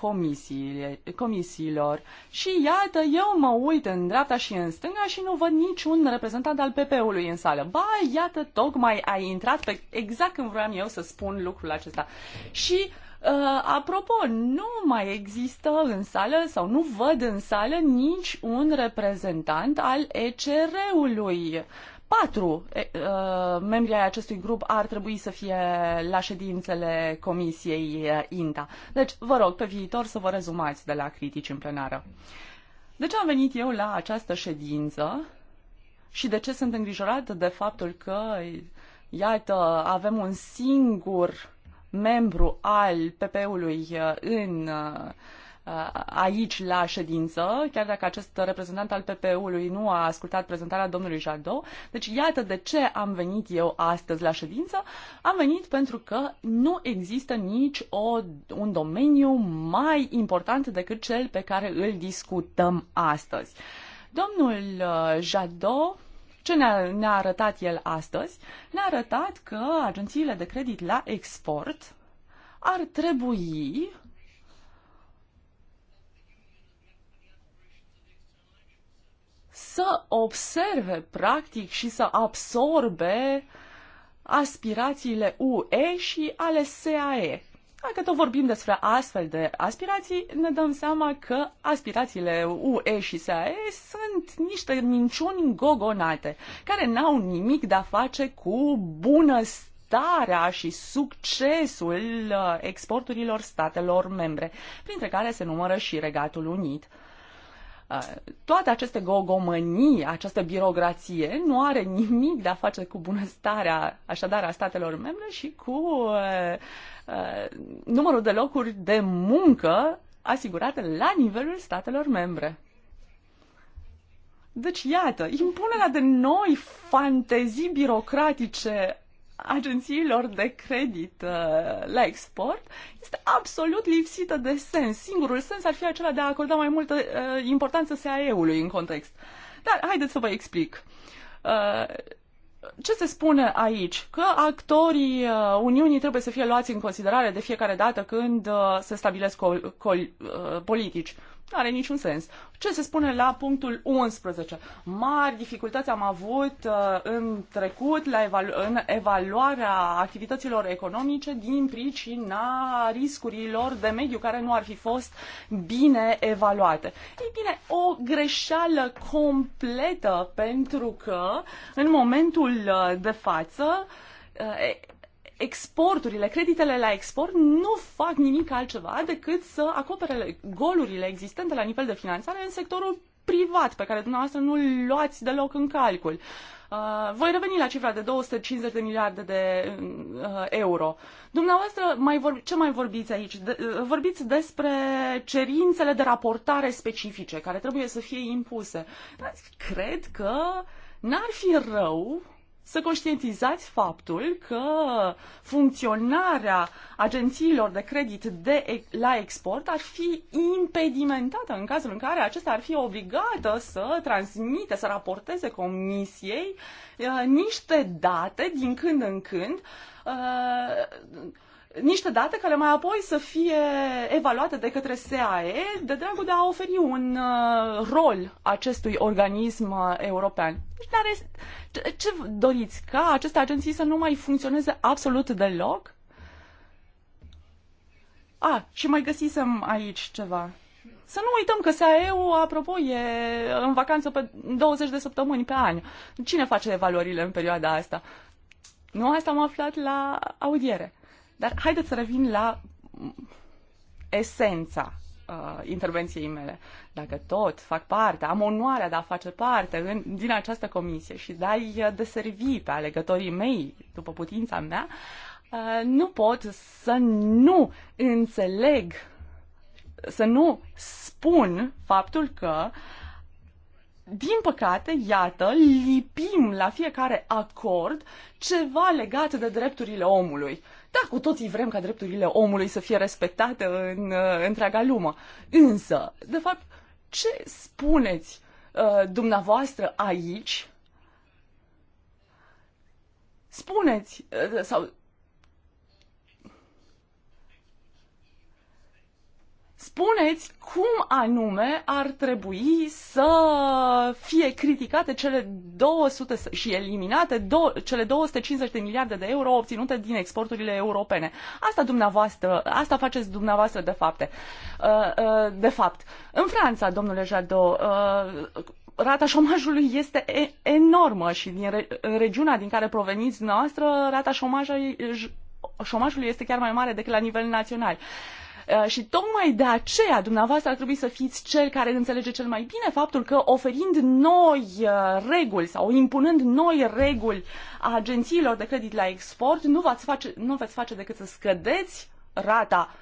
comisiilor. Și iată, eu mă uit în dreapta și în stânga și nu văd niciun reprezentant al PP-ului în sală. Ba, iată, tocmai ai intrat pe exact când vroiam eu să spun lucrul acesta. Și Uh, apropo, nu mai există în sală sau nu văd în sală nici un reprezentant al ECR-ului. Uh, patru uh, membri ai acestui grup ar trebui să fie la ședințele Comisiei INTA. Deci, vă rog, pe viitor să vă rezumați de la critici în plenară. De ce am venit eu la această ședință și de ce sunt îngrijorat de faptul că, iată, avem un singur membru al PP-ului în uh, Uh, aici la ședință, chiar dacă acest reprezentant al ppu ului nu a ascultat prezentarea domnului Jardou. Deci iată de ce am venit eu astăzi la ședință. Am venit pentru că nu există nici o, un domeniu mai important decât cel pe care îl discutăm astăzi. Domnul uh, Jadot ce ne-a, ne arătat el astăzi? Ne-a arătat că agențiile de credit la export ar trebui, să observe practic și să absorbe aspirațiile UE și ale SAE. Dacă tot vorbim despre astfel de aspirații, ne dăm seama că aspirațiile UE și SAE sunt niște minciuni gogonate, care n-au nimic de a face cu bunăstarea și succesul uh, exporturilor statelor membre, printre care se numără și Regatul Unit toate aceste gogomănii, această birocrație nu are nimic de a face cu bunăstarea așadar a statelor membre și cu uh, uh, numărul de locuri de muncă asigurate la nivelul statelor membre. Deci, iată, impunerea de noi fantezii birocratice agențiilor de credit uh, la export este absolut lipsită de sens. Singurul sens ar fi acela de a acorda mai multă uh, importanță SAE-ului în context. Dar haideți să vă explic uh, ce se spune aici? Că actorii Uniunii trebuie să fie luați în considerare de fiecare dată când se stabilesc politici. Nu are niciun sens. Ce se spune la punctul 11? Mari dificultăți am avut uh, în trecut la evalu- în evaluarea activităților economice din pricina riscurilor de mediu care nu ar fi fost bine evaluate. Ei bine, o greșeală completă pentru că în momentul uh, de față uh, exporturile, creditele la export nu fac nimic altceva decât să acopere golurile existente la nivel de finanțare în sectorul privat pe care dumneavoastră nu-l luați deloc în calcul. Uh, voi reveni la cifra de 250 de miliarde de uh, euro. Dumneavoastră, mai vor, ce mai vorbiți aici? De, uh, vorbiți despre cerințele de raportare specifice care trebuie să fie impuse. Dar cred că n-ar fi rău să conștientizați faptul că funcționarea agențiilor de credit de, la export ar fi impedimentată în cazul în care acesta ar fi obligată să transmite, să raporteze comisiei uh, niște date din când în când uh, niște date care mai apoi să fie evaluate de către SAE de dragul de a oferi un uh, rol acestui organism uh, european. Deci, are, ce, ce doriți? Ca aceste agenții să nu mai funcționeze absolut deloc? A, și mai găsisem aici ceva. Să nu uităm că SAE-ul, apropo, e în vacanță pe 20 de săptămâni pe an. Cine face evaluările în perioada asta? Nu, asta am aflat la audiere. Dar haideți să revin la esența uh, intervenției mele. Dacă tot fac parte, am onoarea de a face parte în, din această comisie și de a-i uh, deservi pe alegătorii mei, după putința mea, uh, nu pot să nu înțeleg, să nu spun faptul că din păcate, iată, lipim la fiecare acord ceva legat de drepturile omului. Da, cu toții vrem ca drepturile omului să fie respectate în uh, întreaga lume. Însă, de fapt, ce spuneți uh, dumneavoastră aici? Spuneți uh, sau spuneți cum anume ar trebui să fie criticate cele 200 și eliminate do- cele 250 de miliarde de euro obținute din exporturile europene. Asta dumneavoastră, asta faceți dumneavoastră de fapt. Uh, uh, de fapt, în Franța, domnule Jadot, uh, rata șomajului este enormă și din re- în regiunea din care proveniți noastră, rata șomajului, este chiar mai mare decât la nivel național. Uh, și tocmai de aceea dumneavoastră ar trebui să fiți cel care înțelege cel mai bine faptul că oferind noi uh, reguli sau impunând noi reguli a agențiilor de credit la export, nu, v face, nu veți face decât să scădeți rata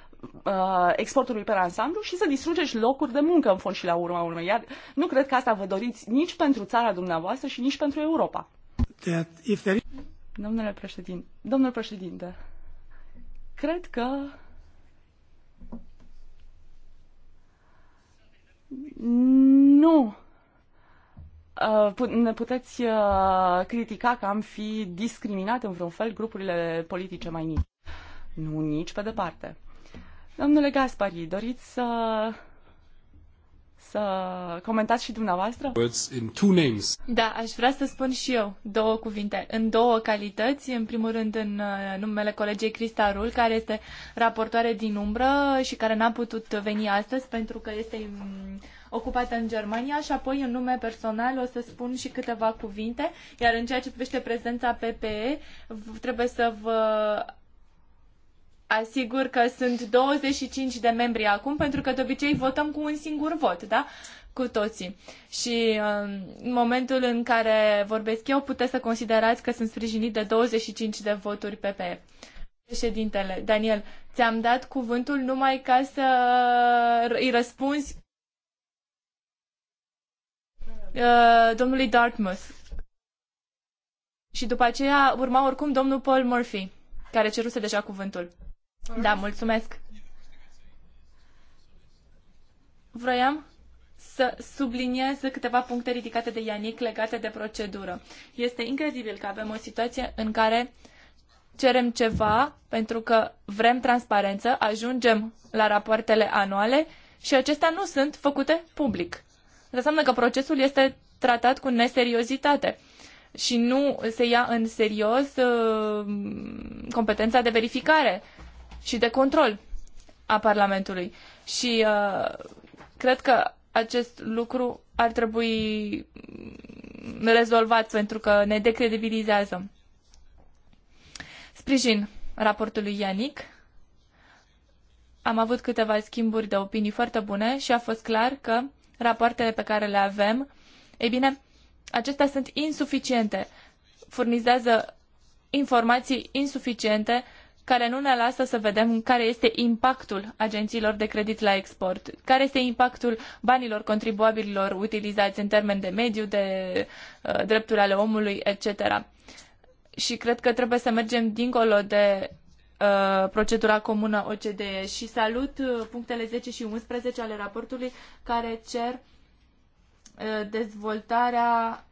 uh, exportului pe ansamblu și să distrugeți locuri de muncă în fond și la urma urmei. Iar nu cred că asta vă doriți nici pentru țara dumneavoastră și nici pentru Europa. Domnule președinte, domnule președinte, cred că nu uh, ne puteți uh, critica că am fi discriminat în vreun fel grupurile politice mai mici. Nu, nici pe departe. Domnule Gaspari, doriți să să comentați și dumneavoastră? Da, aș vrea să spun și eu două cuvinte. În două calități, în primul rând în uh, numele colegei Crista Rul, care este raportoare din umbră și care n-a putut veni astăzi pentru că este mm, ocupată în Germania și apoi în nume personal o să spun și câteva cuvinte, iar în ceea ce privește prezența PPE, trebuie să vă asigur că sunt 25 de membri acum, pentru că de obicei votăm cu un singur vot, da? Cu toții. Și um, în momentul în care vorbesc eu, puteți să considerați că sunt sprijinit de 25 de voturi PPE. Președintele, Daniel, ți-am dat cuvântul numai ca să îi răspunzi uh, domnului Dartmouth. Și după aceea urma oricum domnul Paul Murphy, care ceruse deja cuvântul. Da, mulțumesc. Vroiam să subliniez câteva puncte ridicate de Ianic legate de procedură. Este incredibil că avem o situație în care cerem ceva pentru că vrem transparență, ajungem la rapoartele anuale și acestea nu sunt făcute public. Asta înseamnă că procesul este tratat cu neseriozitate și nu se ia în serios uh, competența de verificare și de control a Parlamentului. Și uh, cred că acest lucru ar trebui rezolvat pentru că ne decredibilizează. Sprijin raportului Ianic. Am avut câteva schimburi de opinii foarte bune și a fost clar că rapoartele pe care le avem, ei bine, acestea sunt insuficiente, furnizează informații insuficiente care nu ne lasă să vedem care este impactul agențiilor de credit la export, care este impactul banilor contribuabililor utilizați în termen de mediu, de uh, drepturi ale omului, etc. Și cred că trebuie să mergem dincolo de uh, procedura comună OCDE și salut uh, punctele 10 și 11 ale raportului care cer uh, dezvoltarea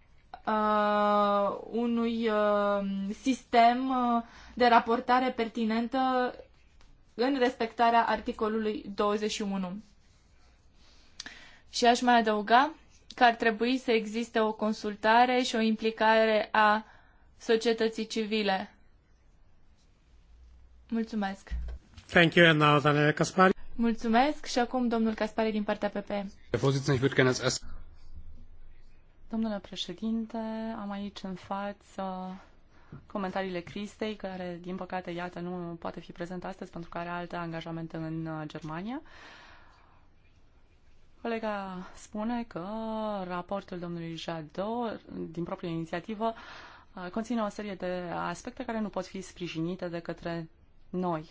uh, unui uh, sistem uh, de raportare pertinentă în respectarea articolului 21. Și aș mai adăuga că ar trebui să existe o consultare și o implicare a societății civile. Mulțumesc. Thank you, Anna Caspari. Mulțumesc și acum domnul Caspari din partea PPM. Domnule președinte, am aici în față comentariile Cristei, care, din păcate, iată, nu poate fi prezent astăzi pentru că are alte angajamente în uh, Germania. Colega spune că raportul domnului Jadot, din proprie inițiativă, uh, conține o serie de aspecte care nu pot fi sprijinite de către noi.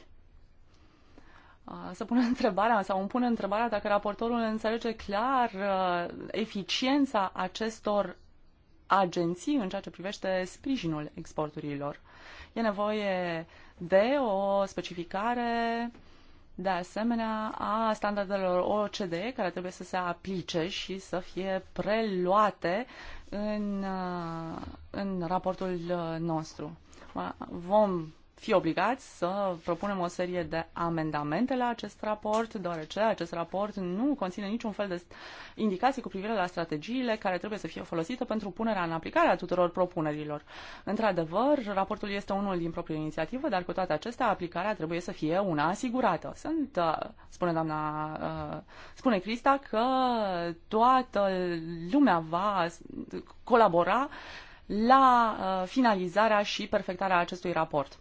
Uh, să pună întrebarea sau îmi pune întrebarea dacă raportorul înțelege clar uh, eficiența acestor agenții în ceea ce privește sprijinul exporturilor. E nevoie de o specificare de asemenea a standardelor OCDE care trebuie să se aplice și să fie preluate în, uh, în raportul nostru. Vom fi obligați să propunem o serie de amendamente la acest raport, deoarece acest raport nu conține niciun fel de indicații cu privire la strategiile care trebuie să fie folosite pentru punerea în aplicare a tuturor propunerilor. Într-adevăr, raportul este unul din proprie inițiativă, dar cu toate acestea, aplicarea trebuie să fie una asigurată. Sunt, uh, spune doamna, uh, spune Crista că toată lumea va colabora la uh, finalizarea și perfectarea acestui raport.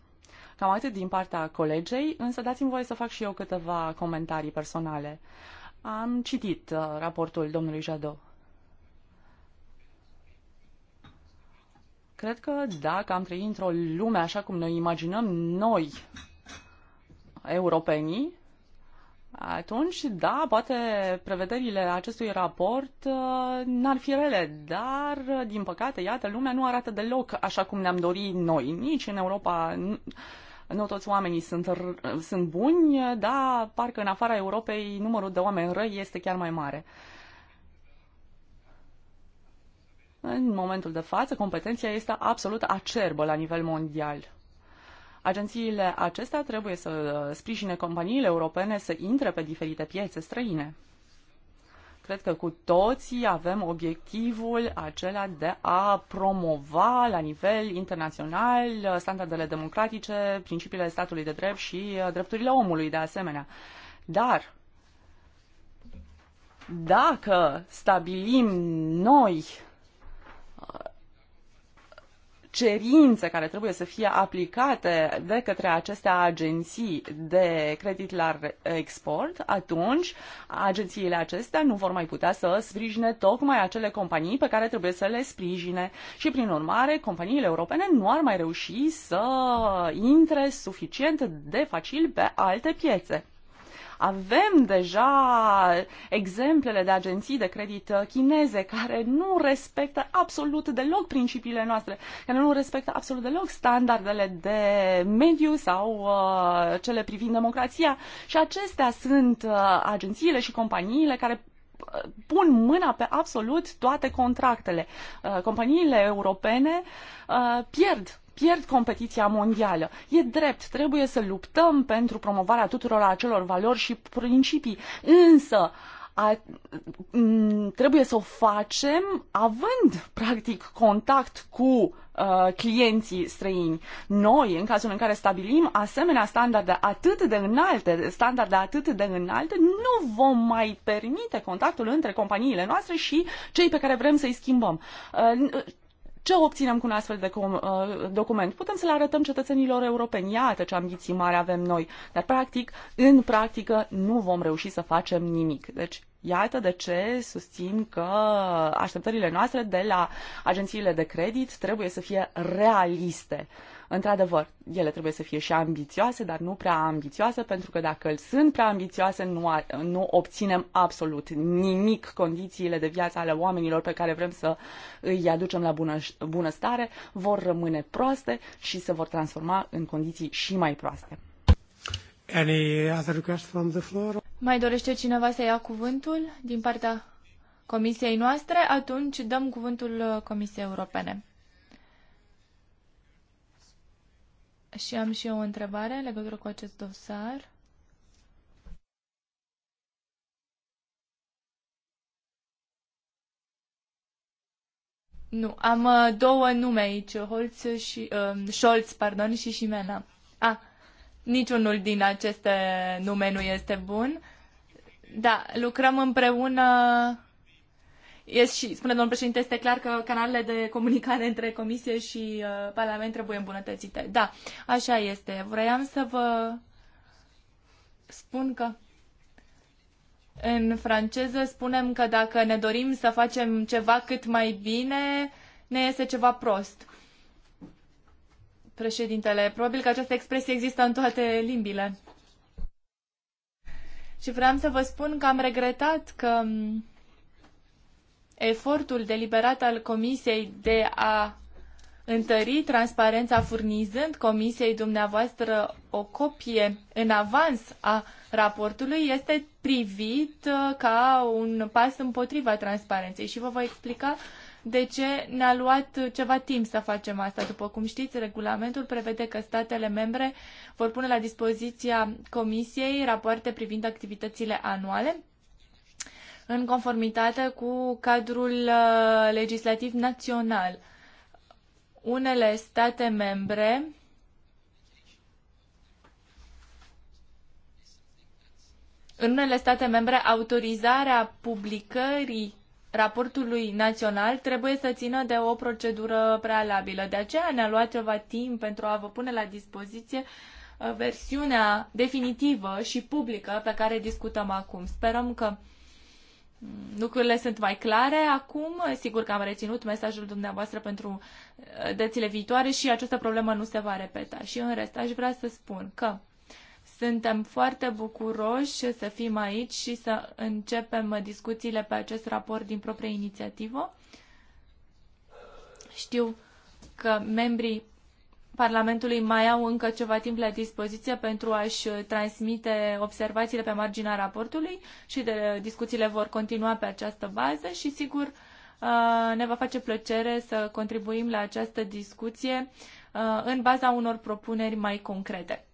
Cam atât din partea colegei, însă dați-mi voie să fac și eu câteva comentarii personale. Am citit uh, raportul domnului Jadot. Cred că dacă am trăit într-o lume așa cum ne imaginăm noi, europenii, atunci, da, poate prevederile acestui raport uh, n-ar fi rele, dar, din păcate, iată, lumea nu arată deloc așa cum ne-am dorit noi, nici în Europa, nu toți oamenii sunt, sunt buni, dar parcă în afara Europei numărul de oameni răi este chiar mai mare. În momentul de față, competenția este absolut acerbă la nivel mondial. Agențiile acestea trebuie să sprijine companiile europene să intre pe diferite piețe străine. Cred că cu toții avem obiectivul acela de a promova la nivel internațional standardele democratice, principiile statului de drept și uh, drepturile omului de asemenea. Dar dacă stabilim noi cerințe care trebuie să fie aplicate de către aceste agenții de credit la export, atunci agențiile acestea nu vor mai putea să sprijine tocmai acele companii pe care trebuie să le sprijine și, prin urmare, companiile europene nu ar mai reuși să intre suficient de facil pe alte piețe. Avem deja exemplele de agenții de credit uh, chineze care nu respectă absolut deloc principiile noastre, care nu respectă absolut deloc standardele de mediu sau uh, cele privind democrația și acestea sunt uh, agențiile și companiile care uh, pun mâna pe absolut toate contractele. Uh, companiile europene pierd pierd competiția mondială. E drept, trebuie să luptăm pentru promovarea tuturor acelor valori și principii, însă a, trebuie să o facem având, practic, contact cu uh, clienții străini. Noi, în cazul în care stabilim asemenea standarde atât de înalte, standarde atât de înalte, nu vom mai permite contactul între companiile noastre și cei pe care vrem să-i schimbăm. Uh, ce obținem cu un astfel de uh, document? Putem să le arătăm cetățenilor europeni, iată ce ambiții mari avem noi, dar practic, în practică, nu vom reuși să facem nimic. Deci, Iată de ce susțin că așteptările noastre de la agențiile de credit trebuie să fie realiste. Uh, Într-adevăr, ele trebuie să fie și ambițioase, dar nu prea ambițioase, pentru că dacă sunt prea ambițioase, nu, a, nu obținem absolut nimic condițiile de viață ale oamenilor pe care vrem să îi aducem la bună, bunăstare, vor rămâne proaste și se vor transforma în condiții și mai proaste. Any other request from the floor? Mai dorește cineva să ia cuvântul din partea comisiei noastre? Atunci dăm cuvântul Comisiei Europene. Și am și eu o întrebare în legătură cu acest dosar. Nu, am uh, două nume aici, Holz și uh, Scholz, pardon, și Ximena. Ah, niciunul din aceste nume nu este bun. Da, lucrăm împreună Yes, și spune domnul președinte, este clar că canalele de comunicare între Comisie și uh, Parlament trebuie îmbunătățite. Da, așa este. Vroiam să vă spun că în franceză spunem că dacă ne dorim să facem ceva cât mai bine, ne este ceva prost. Președintele, probabil că această expresie există în toate limbile. Și vreau să vă spun că am regretat că mm, efortul deliberat al Comisiei de a întări transparența furnizând Comisiei dumneavoastră o copie în avans a raportului este privit uh, ca un pas împotriva transparenței și vă voi explica de ce ne-a luat ceva timp să facem asta. După cum știți, regulamentul prevede că statele membre vor pune la dispoziția Comisiei rapoarte privind activitățile anuale în conformitate cu cadrul uh, legislativ național. Unele state membre În unele state membre, autorizarea publicării raportului național trebuie să țină de o procedură prealabilă. De aceea ne-a luat ceva timp pentru a vă pune la dispoziție uh, versiunea definitivă și publică pe care discutăm acum. Sperăm că lucrurile sunt mai clare acum. Sigur că am reținut mesajul dumneavoastră pentru uh, dățile viitoare și această problemă nu se va repeta. Și în rest, aș vrea să spun că suntem foarte bucuroși să fim aici și să începem discuțiile pe acest raport din proprie inițiativă. Știu că membrii Parlamentului mai au încă ceva timp la dispoziție pentru a-și uh, transmite observațiile pe marginea raportului și de, uh, discuțiile vor continua pe această bază și sigur uh, ne va face plăcere să contribuim la această discuție în baza unor propuneri mai concrete.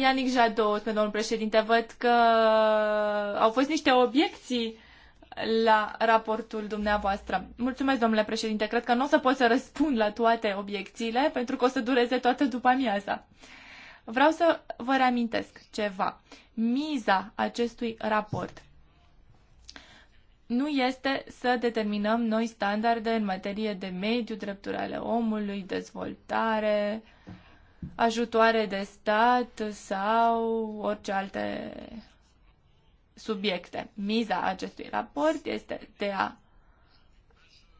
Ianic Jadot, domnul președinte, văd că au fost niște obiecții la raportul dumneavoastră. Mulțumesc, domnule președinte. Cred că nu o să pot să răspund la toate obiecțiile, pentru că o să dureze toată după amiaza. Vreau să vă reamintesc ceva. Miza acestui raport nu este să determinăm noi standarde în materie de mediu, drepturi ale omului, dezvoltare, ajutoare de stat sau orice alte subiecte. Miza acestui raport este de a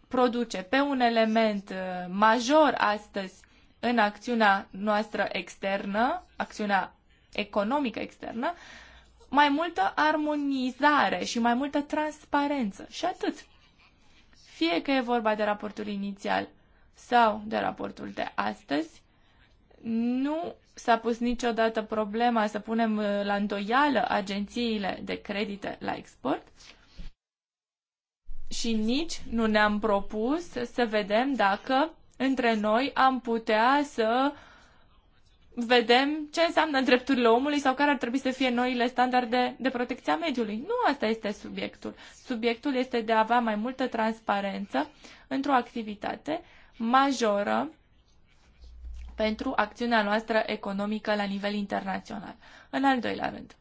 produce pe un element uh, major astăzi în acțiunea noastră externă, acțiunea economică externă, mai multă armonizare și mai multă transparență. Și atât. Fie că e vorba de raportul inițial sau de raportul de astăzi, nu s-a pus niciodată problema să punem uh, la îndoială agențiile de credite la export și nici nu ne-am propus să vedem dacă între noi am putea să vedem ce înseamnă drepturile omului sau care ar trebui să fie noile standarde de protecția a mediului. Nu asta este subiectul. Subiectul este de a avea mai multă transparență într-o activitate majoră pentru acțiunea noastră economică la nivel internațional. În al doilea rând,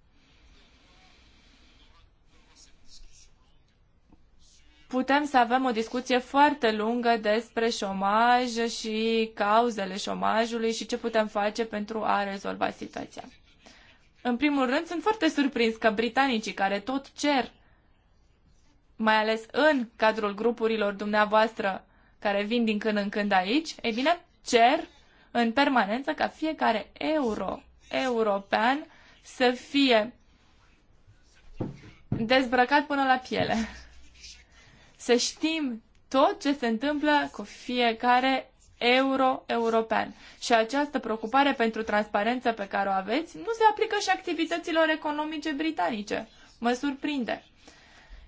putem să avem o discuție foarte lungă despre șomaj și cauzele șomajului și ce putem face pentru a rezolva situația. În primul rând, sunt foarte surprins că britanicii care tot cer, mai ales în cadrul grupurilor dumneavoastră care vin din când în când aici, ei bine, cer în permanență ca fiecare euro european să fie dezbrăcat până la piele. Să știm tot ce se întâmplă cu fiecare euro european. Și această preocupare pentru transparență pe care o aveți nu se aplică și activităților economice britanice. Mă surprinde.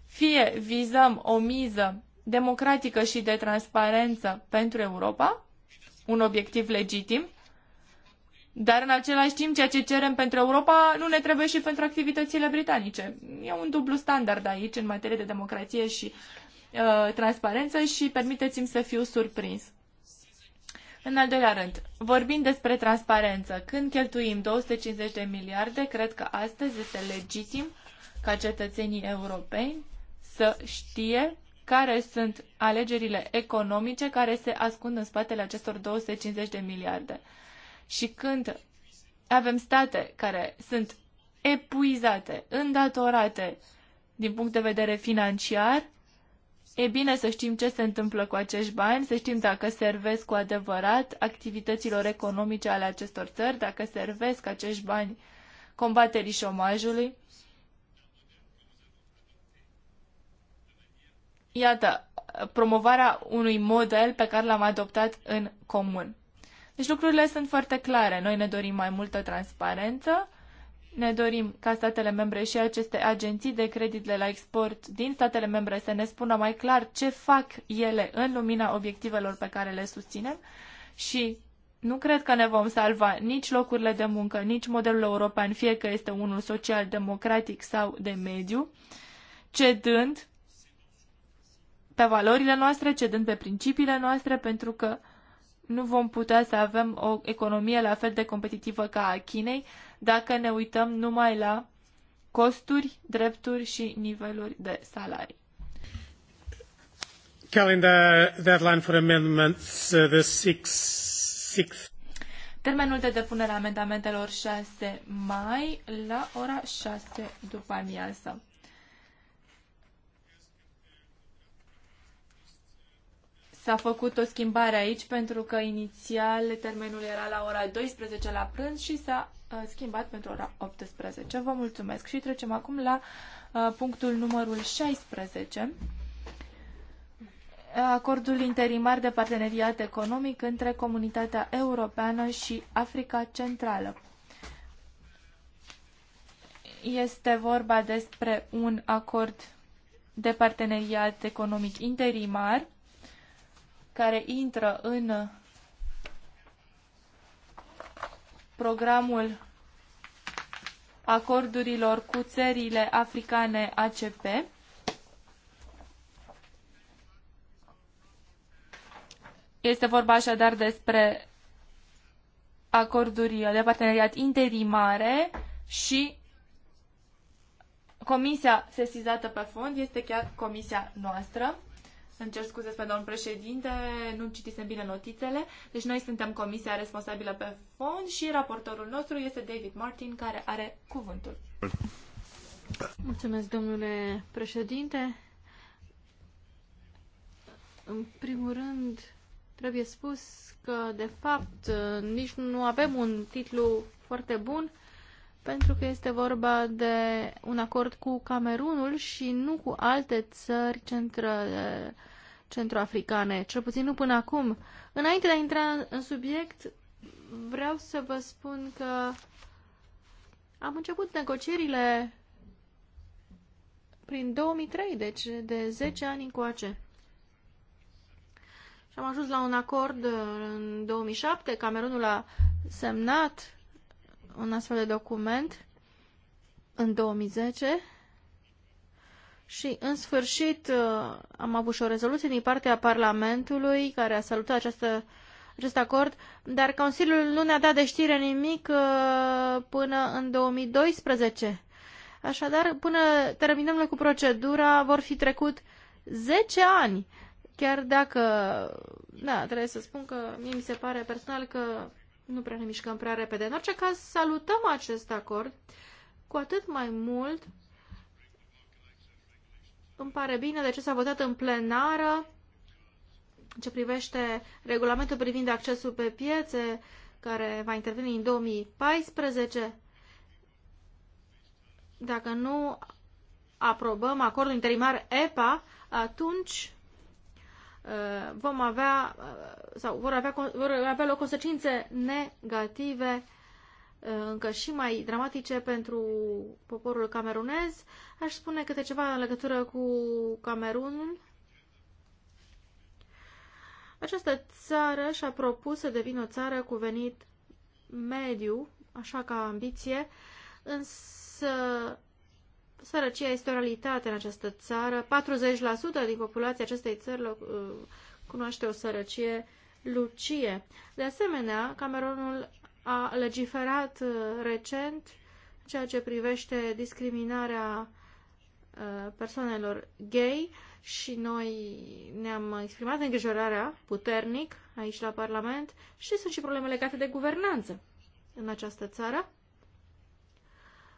Fie vizăm o miză democratică și de transparență pentru Europa, un obiectiv legitim, dar în același timp ceea ce cerem pentru Europa nu ne trebuie și pentru activitățile britanice. E un dublu standard aici în materie de democrație și uh, transparență și permiteți-mi să fiu surprins. În al doilea rând, vorbind despre transparență, când cheltuim 250 de miliarde, cred că astăzi este legitim ca cetățenii europeni să știe care sunt alegerile economice care se ascund în spatele acestor 250 de miliarde. Și când avem state care sunt epuizate, îndatorate din punct de vedere financiar, e bine să știm ce se întâmplă cu acești bani, să știm dacă servesc cu adevărat activităților economice ale acestor țări, dacă servesc acești bani combaterii șomajului iată, promovarea unui model pe care l-am adoptat în comun. Deci lucrurile sunt foarte clare. Noi ne dorim mai multă transparență, ne dorim ca statele membre și aceste agenții de credit de la export din statele membre să ne spună mai clar ce fac ele în lumina obiectivelor pe care le susținem și nu cred că ne vom salva nici locurile de muncă, nici modelul european, fie că este unul social, democratic sau de mediu, cedând pe valorile noastre, cedând pe principiile noastre, pentru că nu vom putea să avem o economie la fel de competitivă ca a Chinei dacă ne uităm numai la costuri, drepturi și niveluri de salarii. deadline for amendments uh, the Termenul de depunere a amendamentelor 6 mai la ora 6 după amiază. S-a făcut o schimbare aici pentru că inițial termenul era la ora 12 la prânz și s-a uh, schimbat pentru ora 18. Vă mulțumesc și trecem acum la uh, punctul numărul 16. Acordul interimar de parteneriat economic între Comunitatea Europeană și Africa Centrală. Este vorba despre un acord de parteneriat economic interimar care intră în programul acordurilor cu țările africane ACP. Este vorba așadar despre acorduri de parteneriat interimare și comisia sesizată pe fond este chiar comisia noastră să cer scuze pe domnul președinte, nu citisem bine notițele. Deci noi suntem comisia responsabilă pe fond și raportorul nostru este David Martin, care are cuvântul. Mulțumesc, domnule președinte. În primul rând, trebuie spus că, de fapt, nici nu avem un titlu foarte bun, pentru că este vorba de un acord cu Camerunul și nu cu alte țări centrale centroafricane, cel puțin nu până acum. Înainte de a intra în subiect, vreau să vă spun că am început negocierile prin 2003, deci de 10 ani încoace. Și am ajuns la un acord în 2007, Camerunul a semnat un astfel de document în 2010 și, în sfârșit, uh, am avut și o rezoluție din partea Parlamentului care a salutat această, acest acord, dar Consiliul nu ne-a dat de știre nimic uh, până în 2012. Așadar, până terminăm noi cu procedura, vor fi trecut 10 ani. Chiar dacă, da, trebuie să spun că mie mi se pare personal că nu prea ne mișcăm prea repede. În orice caz, salutăm acest acord, cu atât mai mult îmi pare bine de ce s-a votat în plenară ce privește regulamentul privind accesul pe piețe, care va interveni în 2014. Dacă nu aprobăm acordul interimar EPA, atunci uh, vom avea uh, sau vor avea, vor avea loc consecințe negative Uh, încă și mai dramatice pentru poporul camerunez. Aș spune câte ceva în legătură cu Camerunul. Această țară și-a propus să devină o țară cu venit mediu, așa ca ambiție, însă sărăcia este o realitate în această țară. 40% din populația acestei țări uh, cunoaște o sărăcie lucie. De asemenea, Camerunul a legiferat uh, recent ceea ce privește discriminarea uh, persoanelor gay și noi ne-am exprimat îngrijorarea puternic aici la Parlament și sunt și probleme legate de guvernanță în această țară.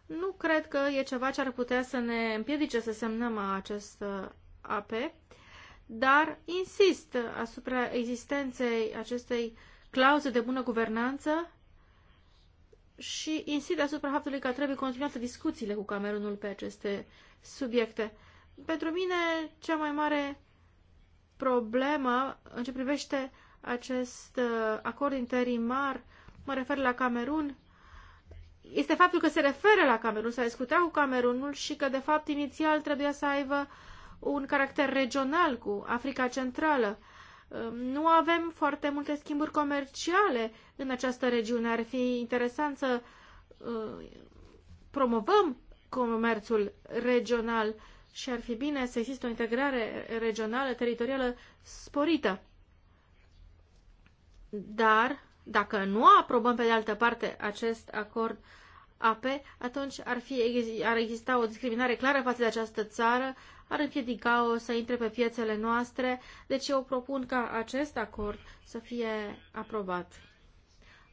Nu cred că e ceva ce ar putea să ne împiedice să semnăm acest uh, AP, dar insist asupra existenței acestei clauze de bună guvernanță și insist asupra faptului că trebuie continuate discuțiile cu Camerunul pe aceste subiecte. Pentru mine, cea mai mare problemă în ce privește acest uh, acord interimar, mă refer la Camerun, este faptul că se referă la Camerun, s-a discutat cu Camerunul și că, de fapt, inițial trebuia să aibă un caracter regional cu Africa Centrală. Um, nu avem foarte multe schimburi comerciale în această regiune. Ar fi interesant să uh, promovăm comerțul regional și ar fi bine să există o integrare regională, teritorială sporită. Dar dacă nu aprobăm pe de altă parte acest acord APE, atunci ar, fi, ar exista o discriminare clară față de această țară, ar împiedica-o să intre pe piețele noastre, deci eu propun ca acest acord să fie aprobat.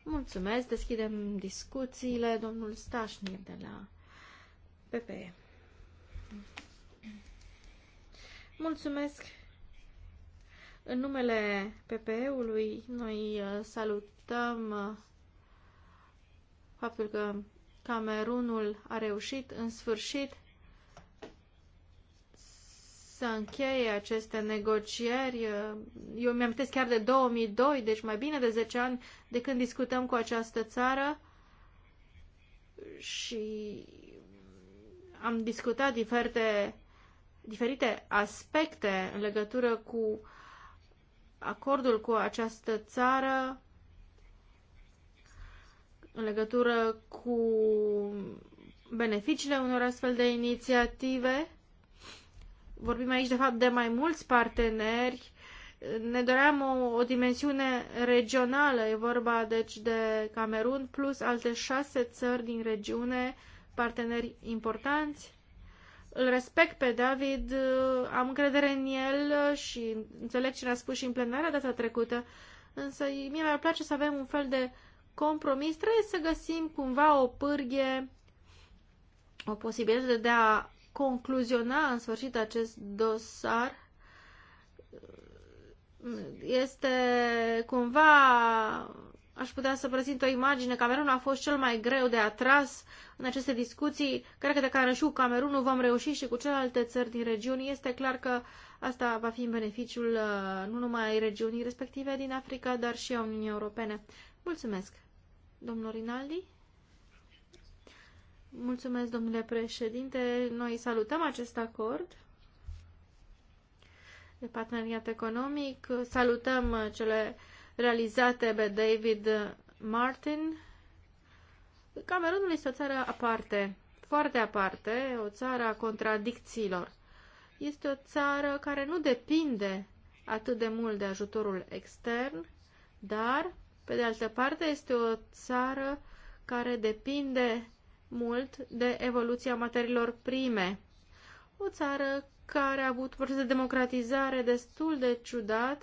Mulțumesc, deschidem discuțiile. Domnul Stașnir de la PPE. Mulțumesc. În numele PPE-ului, noi uh, salutăm uh, faptul că Camerunul a reușit în sfârșit să încheie aceste negocieri. Eu mi-am chiar de 2002, deci mai bine de 10 ani de când discutăm cu această țară și am discutat diferite, diferite aspecte în legătură cu acordul cu această țară, în legătură cu beneficiile unor astfel de inițiative Vorbim aici, de fapt, de mai mulți parteneri. Ne doream o, o dimensiune regională. E vorba, deci, de Camerun plus alte șase țări din regiune, parteneri importanți. Îl respect pe David, am încredere în el și înțeleg ce ne-a spus și în plenarea data trecută, însă mie mi-ar place să avem un fel de compromis. Trebuie să găsim cumva o pârghie o posibilitate de a concluziona în sfârșit acest dosar este cumva, aș putea să prezint o imagine, Camerun a fost cel mai greu de atras în aceste discuții. Cred că dacă și cu Camerunul vom reuși și cu celelalte țări din regiuni, este clar că asta va fi în beneficiul uh, nu numai regiunii respective din Africa, dar și a Uniunii Europene. Mulțumesc! Domnul Rinaldi? Mulțumesc, domnule președinte. Noi salutăm acest acord de parteneriat economic. Salutăm cele realizate de David Martin. Camerunul este o țară aparte, foarte aparte, o țară a contradicțiilor. Este o țară care nu depinde atât de mult de ajutorul extern, dar, pe de altă parte, este o țară care depinde mult de evoluția materiilor prime. O țară care a avut proces de democratizare destul de ciudat.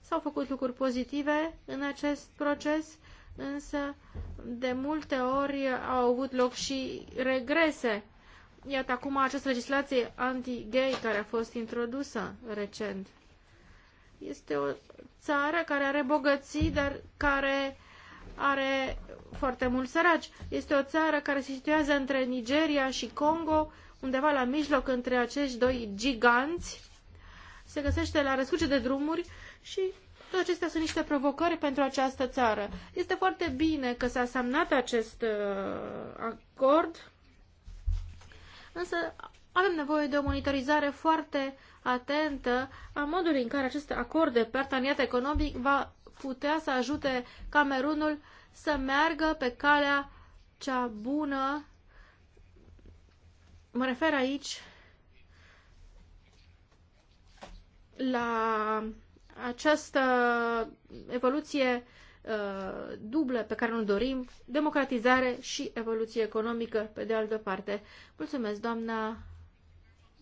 S-au făcut lucruri pozitive în acest proces, însă de multe ori au avut loc și regrese. Iată acum această legislație anti-gay care a fost introdusă recent. Este o țară care are bogății, dar care are foarte mulți săraci. Este o țară care se situează între Nigeria și Congo, undeva la mijloc între acești doi giganți. Se găsește la răscruce de drumuri și toate acestea sunt niște provocări pentru această țară. Este foarte bine că s-a semnat acest uh, acord, însă avem nevoie de o monitorizare foarte atentă a modului în care acest acord de parteneriat economic va putea să ajute Camerunul să meargă pe calea cea bună. Mă refer aici la această evoluție uh, dublă pe care nu dorim, democratizare și evoluție economică, pe de altă parte. Mulțumesc, doamna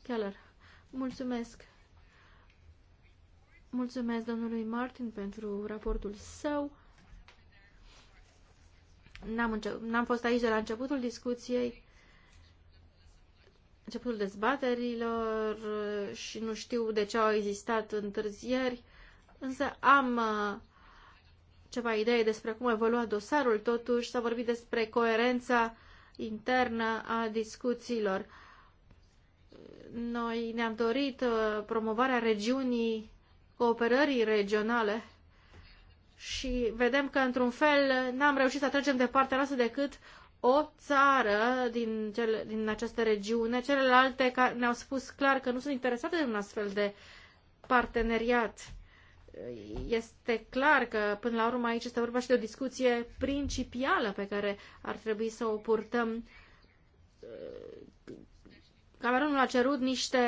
Keller. Mulțumesc. Mulțumesc domnului Martin pentru raportul său. N-am, n-am fost aici de la începutul discuției, începutul dezbaterilor uh, și nu știu de ce au existat întârzieri, însă am uh, ceva idee despre cum evolua dosarul, totuși s-a vorbit despre coerența internă a discuțiilor. Noi ne-am dorit uh, promovarea regiunii cooperării regionale și vedem că, într-un fel, n-am reușit să trecem de partea noastră decât o țară din, cele, din această regiune. Celelalte ne-au spus clar că nu sunt interesate de un astfel de parteneriat. Este clar că, până la urmă, aici este vorba și de o discuție principială pe care ar trebui să o purtăm Camerunul a cerut niște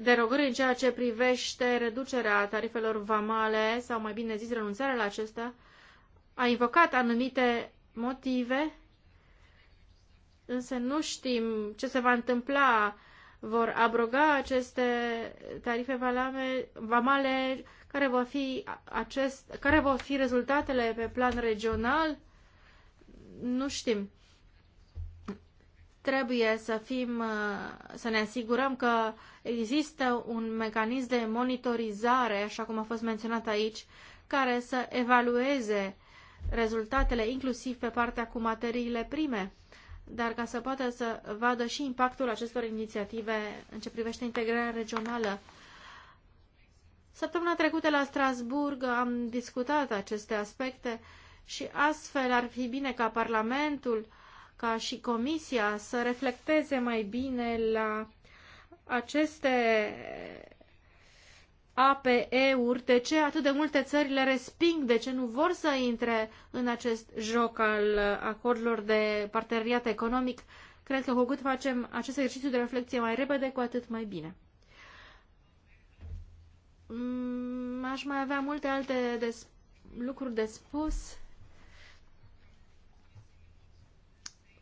derogări în ceea ce privește reducerea tarifelor vamale, sau mai bine zis renunțarea la acestea. A invocat anumite motive, însă nu știm ce se va întâmpla. Vor abroga aceste tarife valame, vamale, care, vor fi acest, care vor fi rezultatele pe plan regional, nu știm trebuie să fim, uh, să ne asigurăm că există un mecanism de monitorizare, așa cum a fost menționat aici, care să evalueze rezultatele, inclusiv pe partea cu materiile prime, dar ca să poată să vadă și impactul acestor inițiative în ce privește integrarea regională. Săptămâna trecută la Strasburg am discutat aceste aspecte și astfel ar fi bine ca Parlamentul uh, ca și Comisia să reflecteze mai bine la aceste APE-uri, de ce atât de multe țări le resping, de ce nu vor să intre în acest joc al acordurilor de parteneriat economic. Cred că cu cât facem acest exercițiu de reflexie mai repede, cu atât mai bine. Aș mai avea multe alte des- lucruri de spus.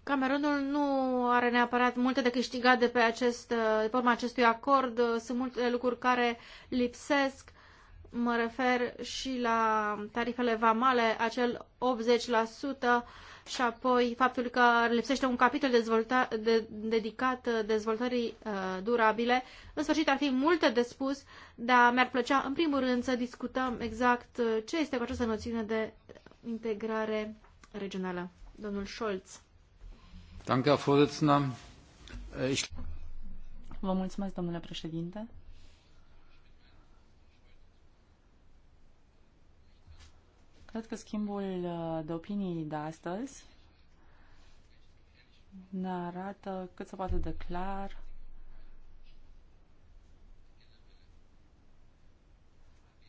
Cameronul nu are neapărat multe de câștigat de pe acest, de pe urma acestui acord. Sunt multe lucruri care lipsesc. Mă refer și la tarifele vamale, acel 80% și apoi faptul că lipsește un capitol dezvolta, de, dedicat dezvoltării uh, durabile. În sfârșit ar fi multe de spus, dar mi-ar plăcea în primul rând să discutăm exact uh, ce este cu această noțiune de integrare regională. Domnul Scholz. Äh, președinte. Cred că schimbul uh, de opinii de astăzi ne arată cât se poate de clar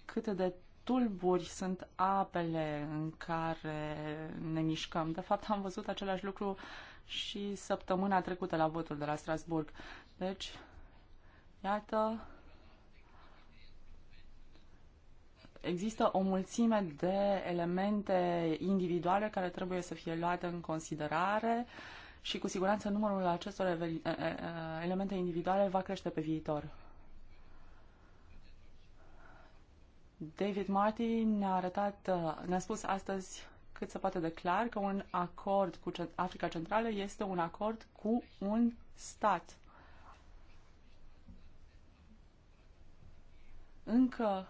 cât de tulburi sunt apele în care ne mișcăm. De fapt, am văzut același lucru uh, și săptămâna trecută la votul de la Strasburg. Deci, iată, există o mulțime de elemente individuale care trebuie să fie luate în considerare și cu siguranță numărul acestor elemente individuale va crește pe viitor. David Marty ne-a arătat, ne-a spus astăzi cât se poate de clar că un acord cu Africa Centrală este un acord cu un stat. Încă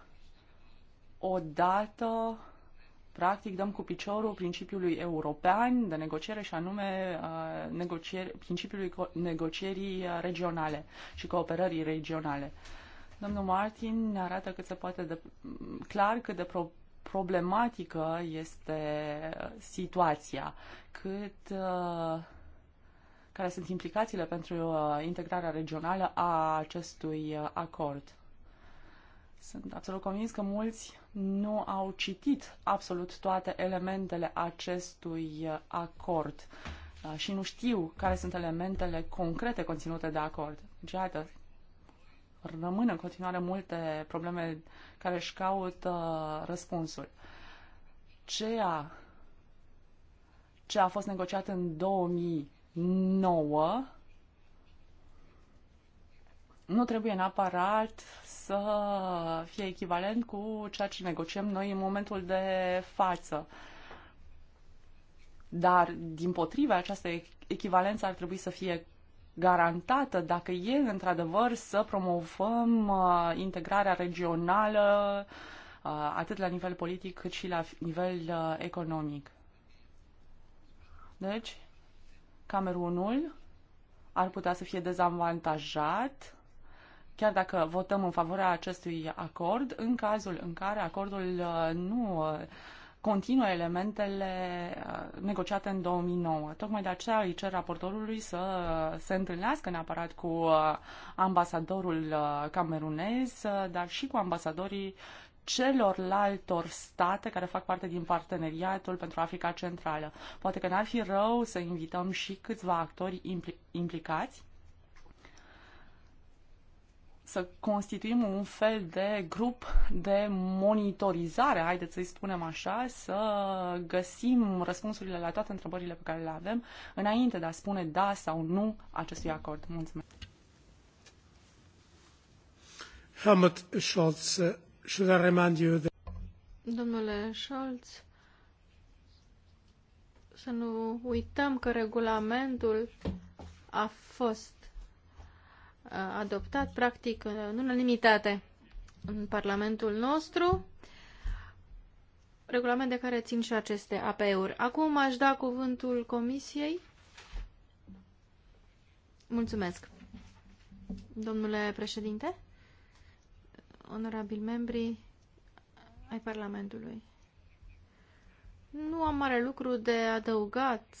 o dată, practic, dăm cu piciorul principiului european de negociere și anume uh, negocieri, principiului negocierii uh, regionale și cooperării regionale. Domnul Martin ne arată cât se poate de clar cât de pro- problematică este situația, cât uh, care sunt implicațiile pentru uh, integrarea regională a acestui uh, acord. Sunt absolut convins că mulți nu au citit absolut toate elementele acestui acord și nu știu care sunt elementele concrete conținute de acord. Deci, iată, rămân în continuare multe probleme care își caută răspunsul. Ceea ce a fost negociat în 2009 nu trebuie neapărat să fie echivalent cu ceea ce negociem noi în momentul de față. Dar, din potrive, această echivalență ar trebui să fie garantată dacă e într-adevăr să promovăm uh, integrarea regională uh, atât la nivel politic cât și la nivel uh, economic. Deci, Camerunul ar putea să fie dezavantajat chiar dacă votăm în favoarea acestui acord, în cazul în care acordul nu continuă elementele uh, negociate în 2009. Tocmai de aceea îi cer raportorului să uh, se întâlnească neapărat cu uh, ambasadorul camerunez, dar și cu ambasadorii celorlaltor state care fac parte din parteneriatul pentru Africa Centrală. Poate că n-ar fi rău să invităm și câțiva actori impli- implicați să constituim un fel de grup de monitorizare, haideți să-i spunem așa, să găsim răspunsurile la toate întrebările pe care le avem înainte de a spune da sau nu acestui acord. Mulțumesc. Helmut Scholz, should I remind you that... Domnule Scholz, să nu uităm că regulamentul a fost adoptat practic în unanimitate în Parlamentul nostru, regulament de care țin și aceste APE-uri. Acum aș da cuvântul Comisiei. Mulțumesc. Domnule președinte, onorabil membri ai Parlamentului. Nu am mare lucru de adăugat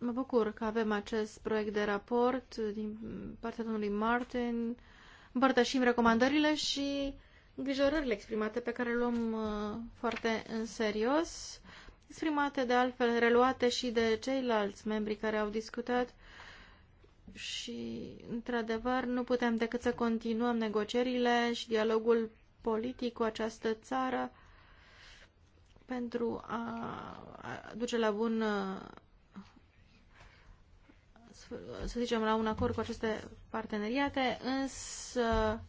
Mă bucur că avem acest proiect de raport din partea domnului Martin. Împărtășim recomandările și îngrijorările exprimate pe care le luăm uh, foarte în serios, exprimate de altfel, reluate și de ceilalți membri care au discutat și, într-adevăr, nu putem decât să continuăm negocierile și dialogul politic cu această țară pentru a duce la bun uh, să zicem, la un acord cu aceste parteneriate, însă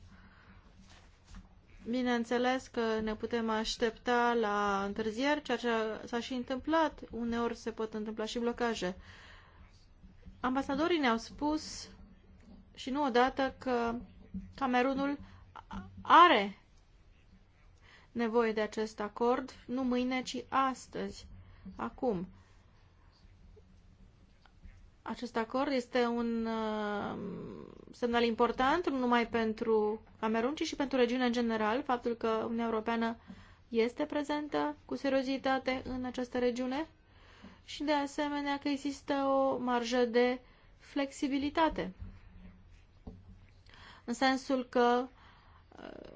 bineînțeles că ne putem aștepta la întârzieri, ceea ce s-a și întâmplat. Uneori se pot întâmpla și blocaje. Ambasadorii ne-au spus și nu odată că Camerunul are nevoie de acest acord, nu mâine, ci astăzi, acum. Acest acord este un uh, semnal important, nu numai pentru Camerun, ci și pentru regiune în general, faptul că Uniunea Europeană este prezentă cu seriozitate în această regiune și de asemenea că există o marjă de flexibilitate. În sensul că uh,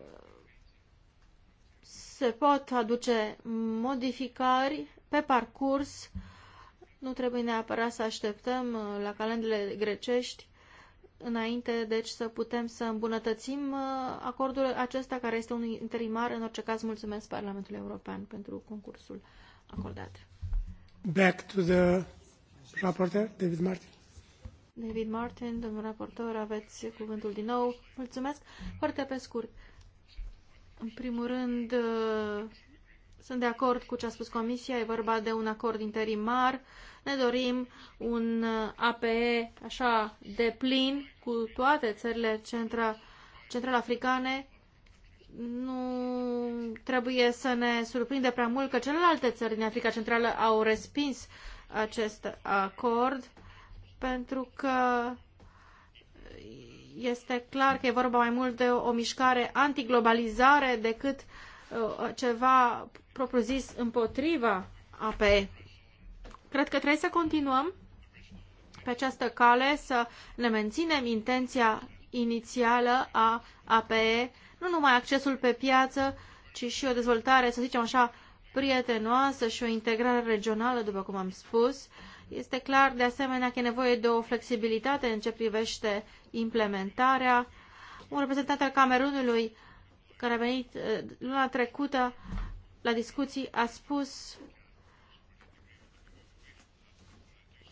se pot aduce modificări pe parcurs uh, nu trebuie neapărat să așteptăm uh, la calendele grecești înainte, deci, să putem să îmbunătățim uh, acordul acesta, care este un interimar. În orice caz, mulțumesc Parlamentului European pentru concursul acordat. Back to the reporter, David Martin. David Martin, domnul raportor, aveți cuvântul din nou. Mulțumesc. Foarte pe scurt. În primul rând, uh, sunt de acord cu ce a spus Comisia. E vorba de un acord interimar ne dorim un uh, APE așa de plin cu toate țările centra, central-africane. Nu trebuie să ne surprinde prea mult că celelalte țări din Africa Centrală au respins acest acord pentru că este clar că e vorba mai mult de o mișcare antiglobalizare decât uh, ceva propriu-zis împotriva APE. Cred că trebuie să continuăm pe această cale să ne menținem intenția inițială a APE, nu numai accesul pe piață, ci și o dezvoltare, să zicem așa, prietenoasă și o integrare regională, după cum am spus. Este clar, de asemenea, că e nevoie de o flexibilitate în ce privește implementarea. Un reprezentant al Camerunului, care a venit eh, luna trecută la discuții, a spus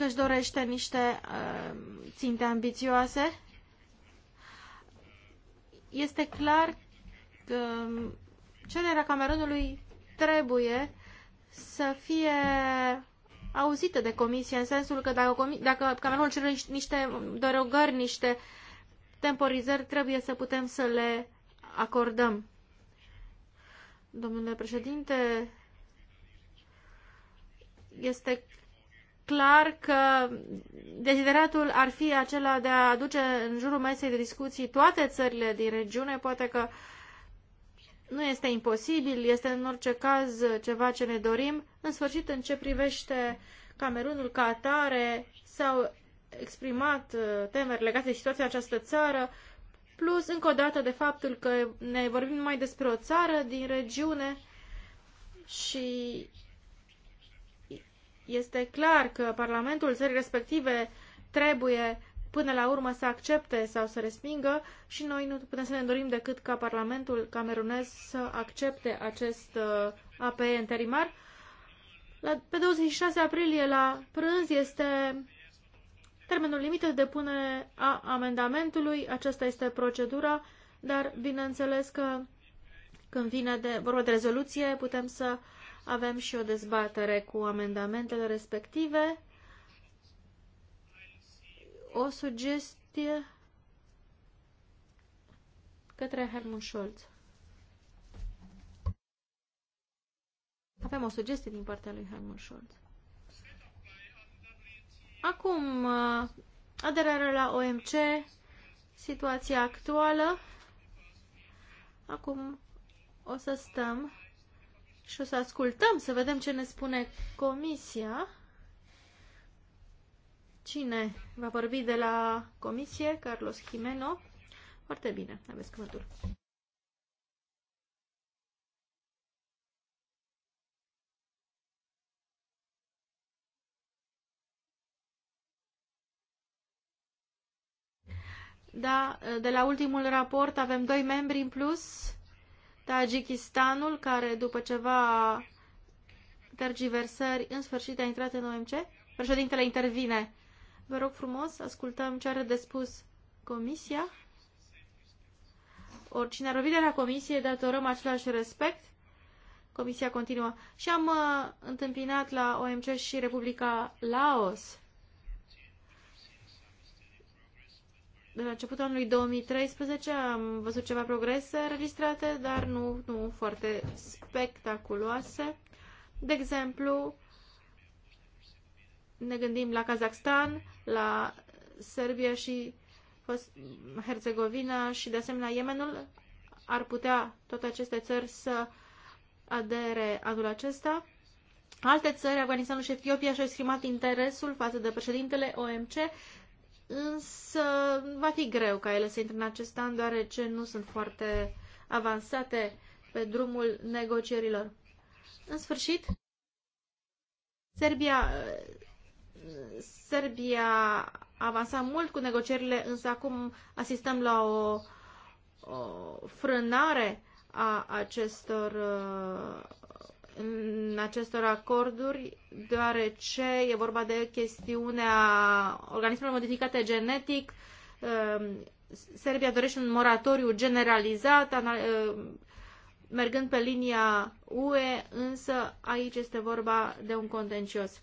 că își dorește niște uh, ținte ambițioase. Este clar că cererea Cameronului trebuie să fie auzită de comisie, în sensul că dacă, dacă Cameronul cere niște derogări, niște temporizări, trebuie să putem să le acordăm. Domnule președinte, este clar că dezideratul ar fi acela de a aduce în jurul mesei de discuții toate țările din regiune, poate că nu este imposibil, este în orice caz ceva ce ne dorim. În sfârșit, în ce privește Camerunul ca atare, s-au exprimat uh, temeri legate de situația această țară, plus încă o dată de faptul că ne vorbim numai despre o țară din regiune și este clar că Parlamentul țării respective trebuie până la urmă să accepte sau să respingă și noi nu putem să ne dorim decât ca Parlamentul camerunez să accepte acest uh, APE interimar. La, pe 26 aprilie la prânz este termenul limită de punere a amendamentului. Aceasta este procedura, dar bineînțeles că când vine de vorba de rezoluție putem să uh, avem și o dezbatere cu amendamentele respective. O sugestie către Hermann Scholz. Avem o sugestie din partea lui Hermann Scholz. Acum, aderarea la OMC, situația actuală. Acum o să stăm și o să ascultăm să vedem ce ne spune comisia. Cine va vorbi de la comisie? Carlos Jimeno. Foarte bine, aveți cuvântul. Da, de la ultimul raport avem doi membri în plus Tajikistanul, care după ceva tergiversări, în sfârșit a intrat în OMC. Președintele intervine. Vă rog frumos, ascultăm ce are de spus Comisia. Oricine ar de la Comisie, datorăm același respect. Comisia continuă. Și am uh, întâmpinat la OMC și Republica Laos de la începutul anului 2013 am văzut ceva progrese registrate, dar nu, nu foarte spectaculoase. De exemplu, ne gândim la Kazakhstan, la Serbia și Herzegovina și de asemenea Yemenul. Ar putea toate aceste țări să adere anul acesta. Alte țări, Afganistanul și Etiopia, și-au exprimat interesul față de președintele OMC însă va fi greu ca ele să intre în acest an, deoarece nu sunt foarte avansate pe drumul negocierilor. În sfârșit, Serbia, Serbia a avansat mult cu negocierile, însă acum asistăm la o, o frânare a acestor în acestor acorduri, deoarece e vorba de chestiunea organismelor modificate genetic. Ehm, Serbia dorește un moratoriu generalizat, ehm, mergând pe linia UE, însă aici este vorba de un contencios.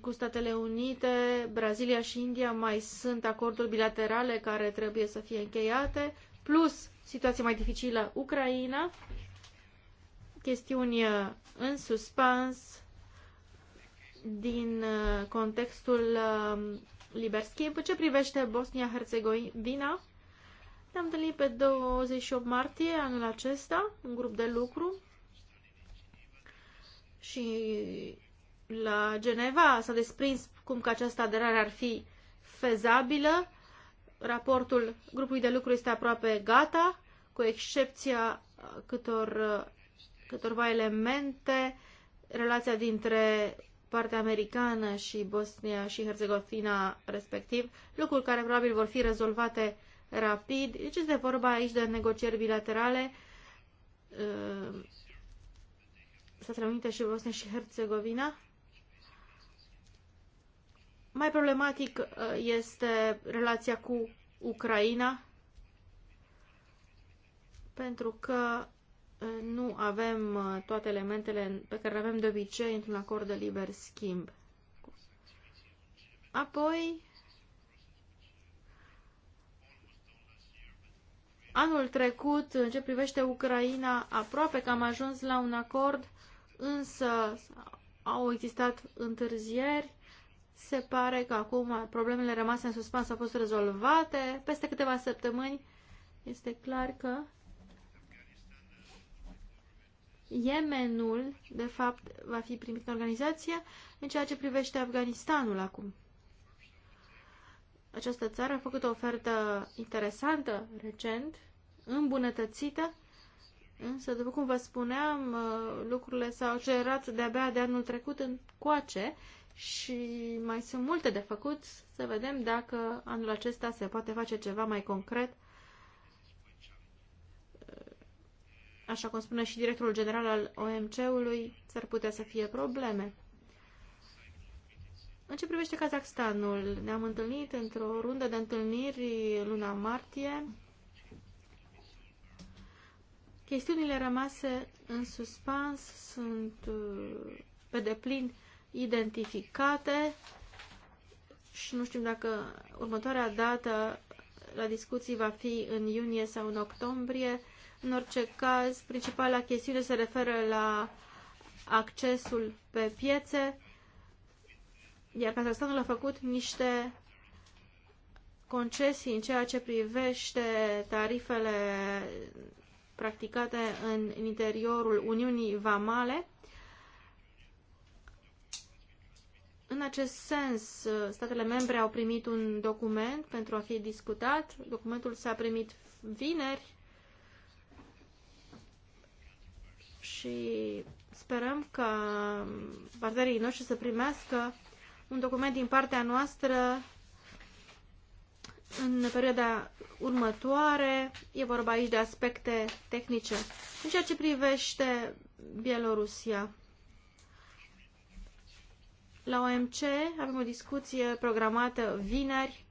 Cu Statele Unite, Brazilia și India mai sunt acorduri bilaterale care trebuie să fie încheiate plus situația mai dificilă Ucraina, chestiuni uh, în suspans din uh, contextul uh, liber schimb. În ce privește Bosnia-Herzegovina, ne-am întâlnit pe 28 martie anul acesta, un grup de lucru și la Geneva s-a desprins cum că această aderare ar fi fezabilă Raportul grupului de lucru este aproape gata, cu excepția uh, câtor, uh, câtorva elemente, relația dintre partea americană și Bosnia și Herzegovina respectiv, lucruri care probabil vor fi rezolvate rapid. Deci este vorba aici de negocieri bilaterale uh, Statele Unite și Bosnia și Herzegovina mai problematic uh, este relația cu Ucraina, pentru că uh, nu avem uh, toate elementele pe care le avem de obicei într-un acord de liber schimb. Apoi, anul trecut, în ce privește Ucraina, aproape că am ajuns la un acord, însă au existat întârzieri se pare că acum problemele rămase în suspans au fost rezolvate. Peste câteva săptămâni este clar că Yemenul, de fapt, va fi primit în organizație în ceea ce privește Afganistanul acum. Această țară a făcut o ofertă interesantă recent, îmbunătățită, însă, după cum vă spuneam, uh, lucrurile s-au accelerat de-abia de anul trecut în coace și mai sunt multe de făcut să vedem dacă anul acesta se poate face ceva mai concret. Așa cum spune și directorul general al OMC-ului, s-ar putea să fie probleme. În ce privește Kazakhstanul, ne-am întâlnit într-o rundă de întâlniri luna martie. Chestiunile rămase în suspans sunt uh, pe deplin uh, identificate și nu știm dacă următoarea dată la discuții va fi în iunie sau în octombrie. În orice caz, principala chestiune se referă la accesul pe piețe, iar Kazakhstanul a făcut niște concesii în ceea ce privește tarifele practicate în interiorul Uniunii Vamale În acest sens, statele membre au primit un document pentru a fi discutat. Documentul s-a primit vineri și sperăm că partenerii noștri să primească un document din partea noastră în perioada următoare. E vorba aici de aspecte tehnice. În ceea ce privește Bielorusia, la OMC avem o discuție programată vineri,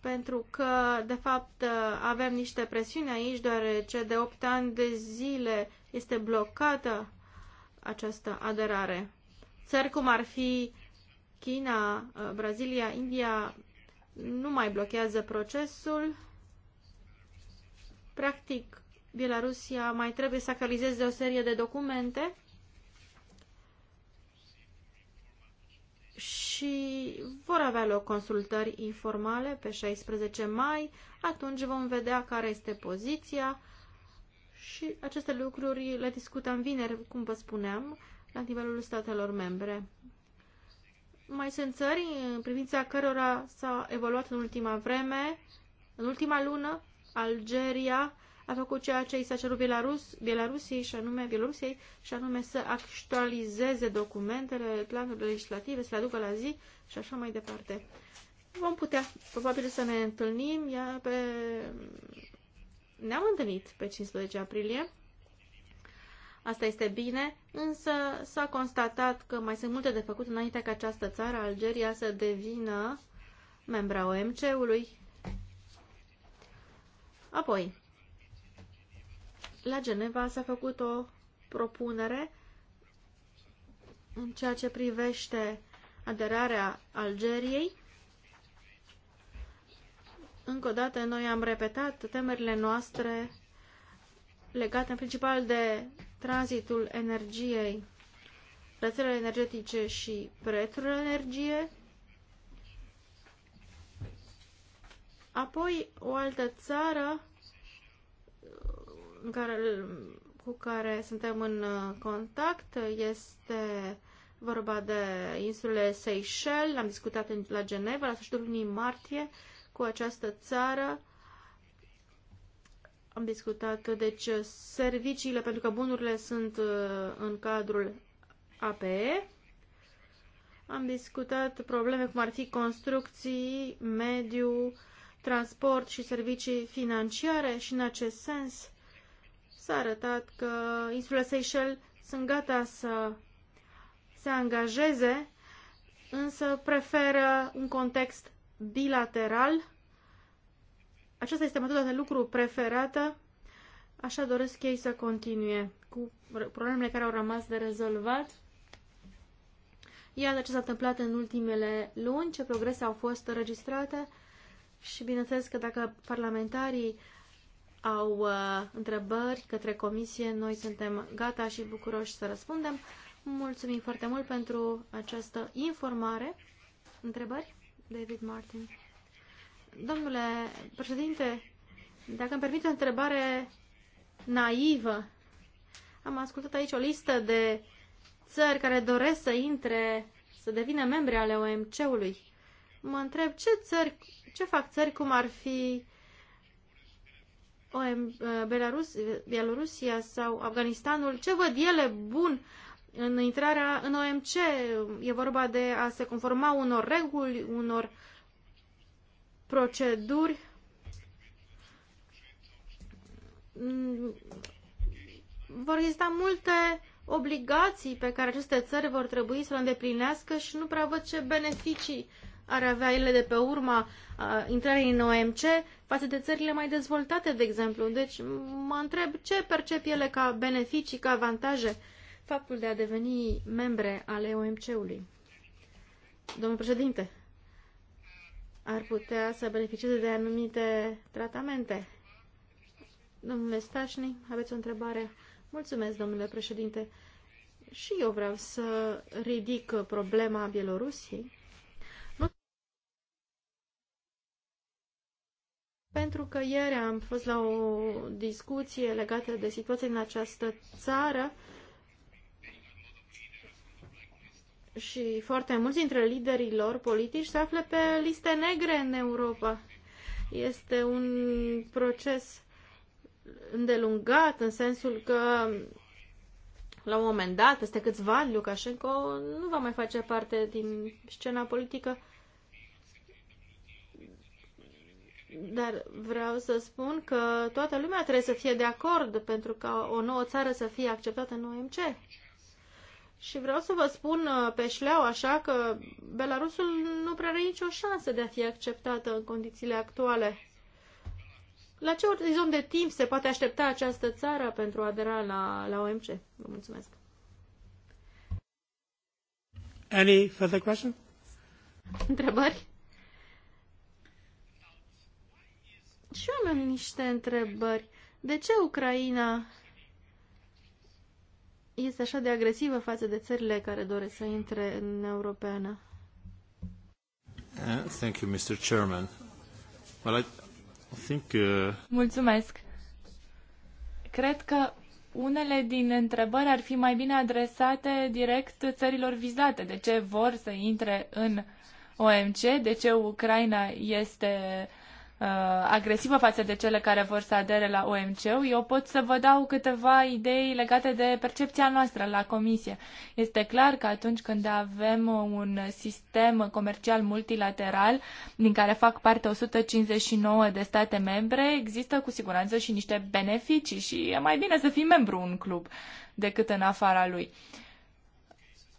pentru că, de fapt, avem niște presiuni aici, deoarece de 8 ani de zile este blocată această aderare. Țări cum ar fi China, Brazilia, India nu mai blochează procesul. Practic, Bielorusia mai trebuie să actualizeze o serie de documente și vor avea loc consultări informale pe 16 mai. Atunci vom vedea care este poziția și aceste lucruri le discutăm vineri, cum vă spuneam, la nivelul statelor membre. Mai sunt țări în privința cărora s-a evoluat în ultima vreme, în ultima lună, Algeria, a făcut ceea ce i s-a cerut Belarus, Belarusiei și anume Bielorusiei și anume să actualizeze documentele, planurile legislative, să le aducă la zi și așa mai departe. Vom putea, probabil, să ne întâlnim. pe... Ne-am întâlnit pe 15 aprilie. Asta este bine, însă s-a constatat că mai sunt multe de făcut înainte ca această țară, Algeria, să devină membra OMC-ului. Apoi, la Geneva s-a făcut o propunere în ceea ce privește aderarea Algeriei. Încă o dată, noi am repetat temerile noastre legate în principal de tranzitul energiei, rețelele energetice și prețul energie. Apoi, o altă țară care, cu care suntem în uh, contact este vorba de insulele Seychelles. Am discutat la Geneva la sfârșitul lunii martie cu această țară. Am discutat, deci, serviciile, pentru că bunurile sunt uh, în cadrul APE. Am discutat probleme cum ar fi construcții, mediu, transport și servicii financiare și, în acest sens, s-a arătat că insulele Seychelles sunt gata să se angajeze, însă preferă un context bilateral. Aceasta este metoda de lucru preferată, așa doresc ei să continue cu problemele care au rămas de rezolvat. Iată ce s-a întâmplat în ultimele luni, ce progrese au fost registrate și bineînțeles că dacă parlamentarii au uh, întrebări către comisie, noi suntem gata și bucuroși să răspundem. Mulțumim foarte mult pentru această informare. Întrebări? David Martin. Domnule președinte, dacă îmi permite o întrebare naivă, am ascultat aici o listă de țări care doresc să intre, să devină membri ale OMC-ului. Mă întreb ce țări, ce fac țări cum ar fi Uh, Belarus, Bielorusia sau Afganistanul, ce văd ele bun în intrarea în OMC? E vorba de a se conforma unor reguli, unor proceduri. Mm, vor exista multe obligații pe care aceste țări vor trebui să le îndeplinească și nu prea văd ce beneficii ar avea ele de pe urma uh, intrării în OMC față de țările mai dezvoltate, de exemplu. Deci mă întreb ce percep ele ca beneficii, ca avantaje faptul de a deveni membre ale OMC-ului. Domnul președinte, ar putea să beneficieze de anumite tratamente. Domnule Stașni, aveți o întrebare? Mulțumesc, domnule președinte. Și eu vreau să ridic problema Bielorusiei pentru că ieri am fost la o discuție legată de situația în această țară și foarte mulți dintre liderii lor politici se află pe liste negre în Europa. Este un proces îndelungat în sensul că la un moment dat, peste câțiva ani, Lukashenko nu va mai face parte din scena politică Dar vreau să spun că toată lumea trebuie să fie de acord pentru ca o nouă țară să fie acceptată în OMC. Și vreau să vă spun uh, pe șleau așa că Belarusul nu prea are nicio șansă de a fi acceptată în condițiile actuale. La ce orizont de timp se poate aștepta această țară pentru a adera la, la OMC? Vă mulțumesc. Any further question? Întrebări? Și eu am niște întrebări. De ce Ucraina este așa de agresivă față de țările care doresc să intre în Europeană? Uh, thank you, Mr. Chairman. Well, I think, uh... Mulțumesc. Cred că unele din întrebări ar fi mai bine adresate direct țărilor vizate. De ce vor să intre în OMC? De ce Ucraina este Uh, agresivă față de cele care vor să adere la OMC, eu pot să vă dau câteva idei legate de percepția noastră la Comisie. Este clar că atunci când avem un sistem comercial multilateral, din care fac parte 159 de state membre, există cu siguranță și niște beneficii și e mai bine să fii membru în club decât în afara lui.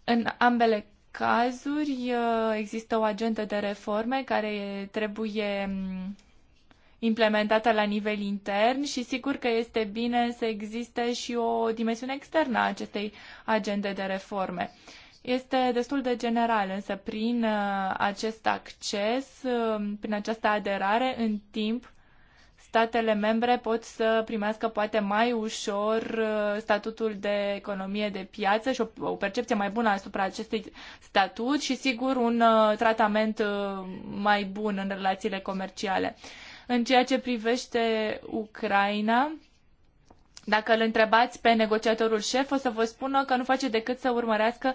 În ambele cazuri uh, există o agentă de reforme care trebuie mm, implementată la nivel intern și sigur că este bine să existe și o dimensiune externă a acestei agende de reforme. Este destul de general, însă prin uh, acest acces, uh, prin această aderare în timp, statele membre pot să primească poate mai ușor uh, statutul de economie de piață și o, percepție mai bună asupra acestui statut și sigur un tratament mai bun în relațiile comerciale. În ceea ce privește Ucraina, dacă îl întrebați pe negociatorul șef, o să vă spună că nu face decât să urmărească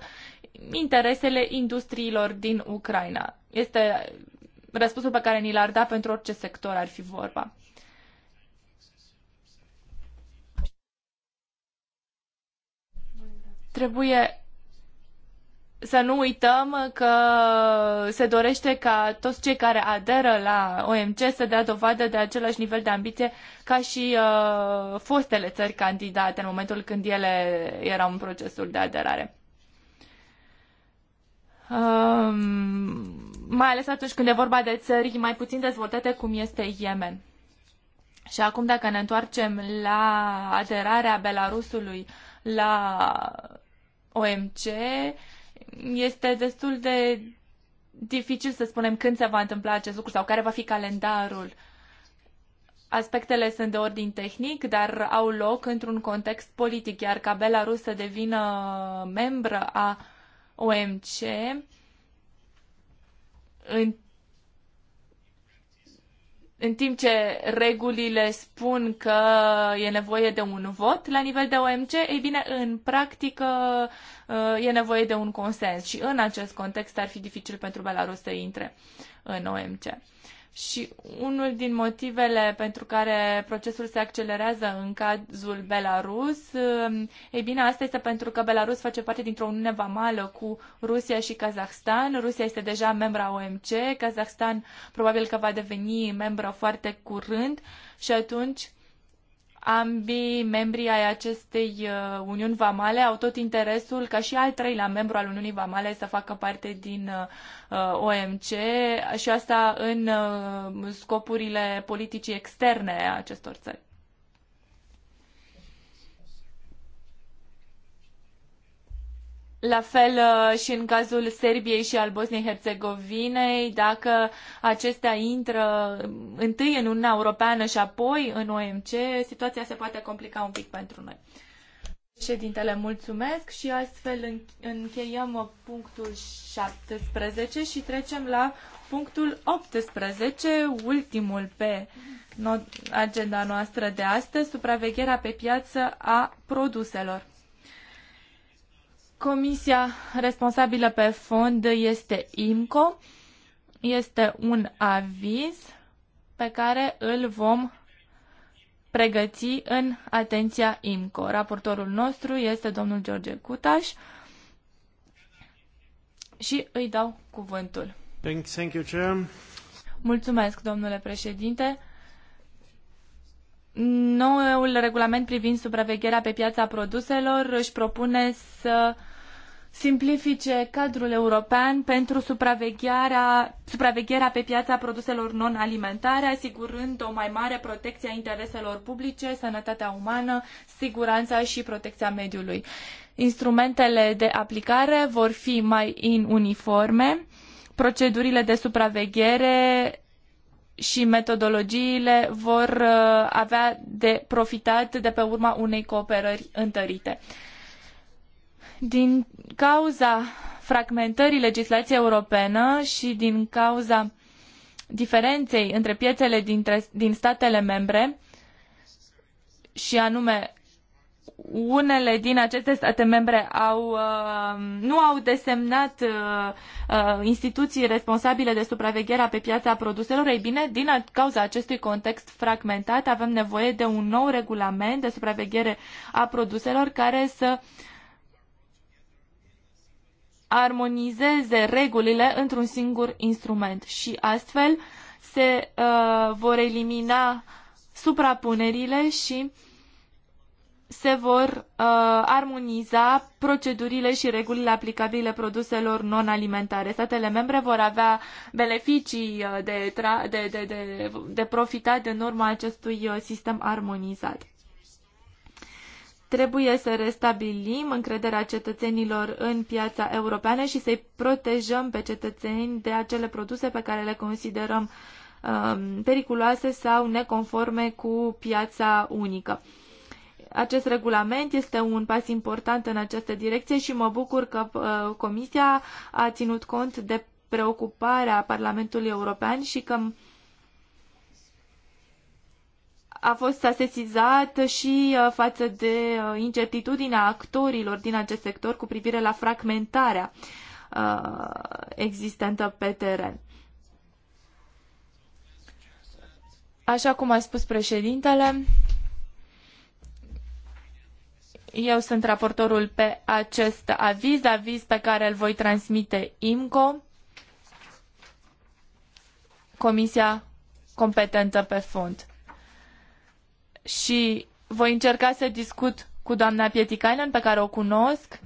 interesele industriilor din Ucraina. Este răspunsul pe care ni l-ar da pentru orice sector ar fi vorba. Trebuie să nu uităm că se dorește ca toți cei care aderă la OMC să dea dovadă de același nivel de ambiție ca și uh, fostele țări candidate în momentul când ele erau în procesul de aderare. Um, mai ales atunci când e vorba de țări mai puțin dezvoltate cum este Yemen. Și acum dacă ne întoarcem la aderarea Belarusului la OMC, este destul de dificil să spunem când se va întâmpla acest lucru sau care va fi calendarul. Aspectele sunt de ordin tehnic, dar au loc într-un context politic, iar ca Belarus să devină membră a OMC în în timp ce regulile spun că e nevoie de un vot la nivel de OMC, ei bine, în practică Uh, e nevoie de un consens și în acest context ar fi dificil pentru Belarus să intre în OMC. Și unul din motivele pentru care procesul se accelerează în cazul Belarus, um, e bine, asta este pentru că Belarus face parte dintr-o uniune vamală cu Rusia și Kazahstan. Rusia este deja membra OMC, Kazahstan probabil că va deveni membră foarte curând și atunci ambii membri ai acestei uh, Uniuni Vamale au tot interesul ca și al treilea membru al Uniunii Vamale să facă parte din uh, uh, OMC și asta în scopurile politicii externe a acestor țări. La fel uh, și în cazul Serbiei și al Bosniei-Herzegovinei, dacă acestea intră întâi în Uniunea Europeană și apoi în OMC, situația se poate complica un pic pentru noi. Președintele, mulțumesc și astfel încheiem punctul 17 și trecem la punctul 18, ultimul pe agenda noastră de astăzi, supravegherea pe piață a produselor. Comisia responsabilă pe fond este IMCO. Este un aviz pe care îl vom pregăti în atenția IMCO. Raportorul nostru este domnul George Cutaș și îi dau cuvântul. Thank thank you, Chair. Mulțumesc, domnule președinte. Noul regulament privind supravegherea pe piața produselor își propune să uh, simplifice cadrul european pentru supravegherea, supravegherea pe piața produselor non-alimentare, asigurând o mai mare protecție a intereselor publice, sănătatea umană, siguranța și protecția mediului. Instrumentele de aplicare vor fi mai uniforme, procedurile de supraveghere și metodologiile vor uh, avea de profitat de pe urma unei cooperări întărite. Din cauza fragmentării legislației europene și din cauza diferenței între piețele dintre, din statele membre, și anume unele din aceste state membre au, uh, nu au desemnat uh, uh, instituții responsabile de supravegherea pe piața produselor, ei bine, din cauza acestui context fragmentat avem nevoie de un nou regulament de supraveghere a produselor care să armonizeze regulile într-un singur instrument și astfel se uh, vor elimina suprapunerile și se vor uh, armoniza procedurile și regulile aplicabile produselor non-alimentare. Statele membre vor avea beneficii de, de, de, de, de profitat în urma acestui sistem armonizat. Trebuie să restabilim încrederea cetățenilor în piața europeană și să-i protejăm pe cetățeni de acele produse pe care le considerăm um, periculoase sau neconforme cu piața unică. Acest regulament este un pas important în această direcție și mă bucur că uh, Comisia a ținut cont de preocuparea Parlamentului European și că a fost asesizat și uh, față de uh, incertitudinea actorilor din acest sector cu privire la fragmentarea uh, existentă pe teren. Așa cum a spus președintele, eu sunt raportorul pe acest aviz, aviz pe care îl voi transmite IMCO, Comisia competentă pe fond și voi încerca să discut cu doamna Pietikainen, pe care o cunosc,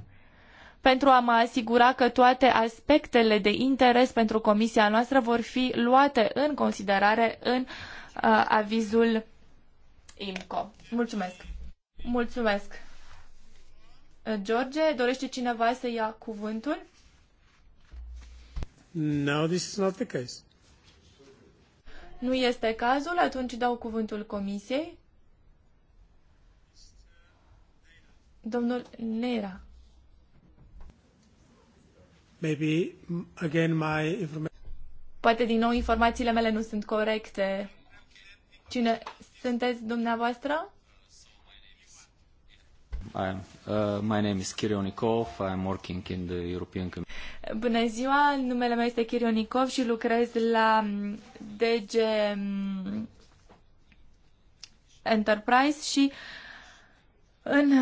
pentru a mă asigura că toate aspectele de interes pentru comisia noastră vor fi luate în considerare în uh, avizul IMCO. Mulțumesc! Mulțumesc! George, dorește cineva să ia cuvântul? No, this is not the case. Nu este cazul, atunci dau cuvântul comisiei. Domnul Nera. Maybe again my information. Poate din nou informațiile mele nu sunt corecte. Cine sunteți dumneavoastră? I am. Uh, my name is Kirionikov. I am working in the European Commission. Bună ziua, numele meu este Kirionikov și lucrez la mm, DG mm, Enterprise și în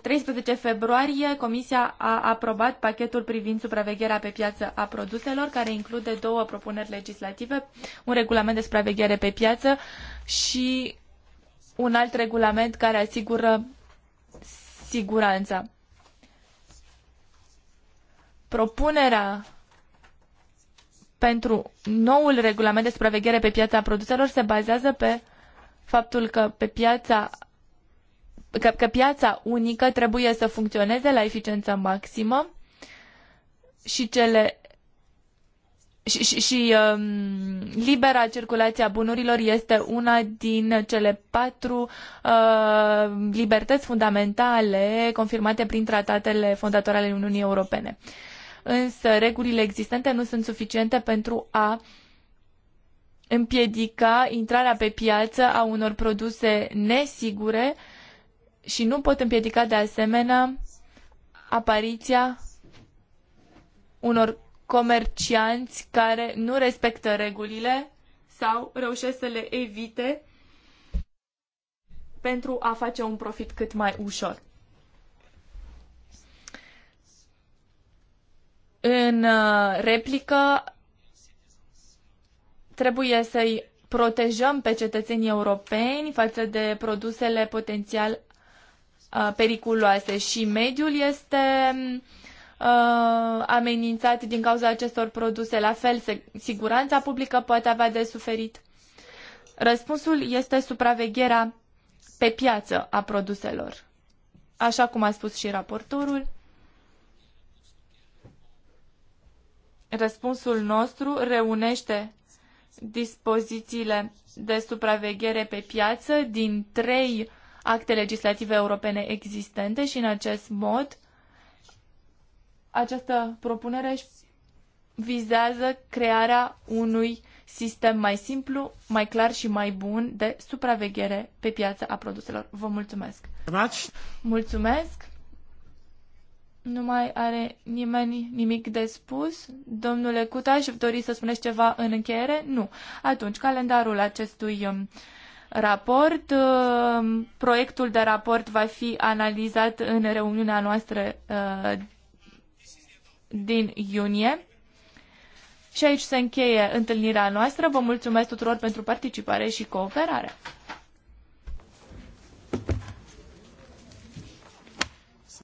13 februarie, Comisia a aprobat pachetul privind supravegherea pe piață a produselor, care include două propuneri legislative, un regulament de supraveghere pe piață și un alt regulament care asigură siguranța. Propunerea pentru noul regulament de supraveghere pe piața produselor se bazează pe faptul că pe piața că, că piața unică trebuie să funcționeze la eficiență maximă și cele și, și, și um, libera circulație a bunurilor este una din cele patru uh, libertăți fundamentale confirmate prin tratatele fondatoare ale Uniunii Europene. Însă regulile existente nu sunt suficiente pentru a împiedica intrarea pe piață a unor produse nesigure uh, și nu pot împiedica de asemenea apariția unor comercianți care nu respectă regulile sau reușesc să le evite pentru a face un profit cât mai ușor. În uh, replică, trebuie să-i protejăm pe cetățenii europeni față de produsele potențial Uh, periculoase și mediul este uh, amenințat din cauza acestor produse. La fel, siguranța publică poate avea de suferit. Răspunsul este supravegherea pe piață a produselor. Așa cum a spus și raportorul, răspunsul nostru reunește dispozițiile de supraveghere pe piață din trei acte legislative europene existente și în acest mod această propunere vizează crearea unui sistem mai simplu, mai clar și mai bun de supraveghere pe piața a produselor. Vă mulțumesc! Mulțumesc! Nu mai are nimeni nimic de spus? Domnule Cutaș, doriți să spuneți ceva în încheiere? Nu. Atunci, calendarul acestui um, raport. Uh, proiectul de raport va fi analizat în reuniunea noastră uh, din iunie. Și aici se încheie întâlnirea noastră. Vă mulțumesc tuturor pentru participare și cooperare.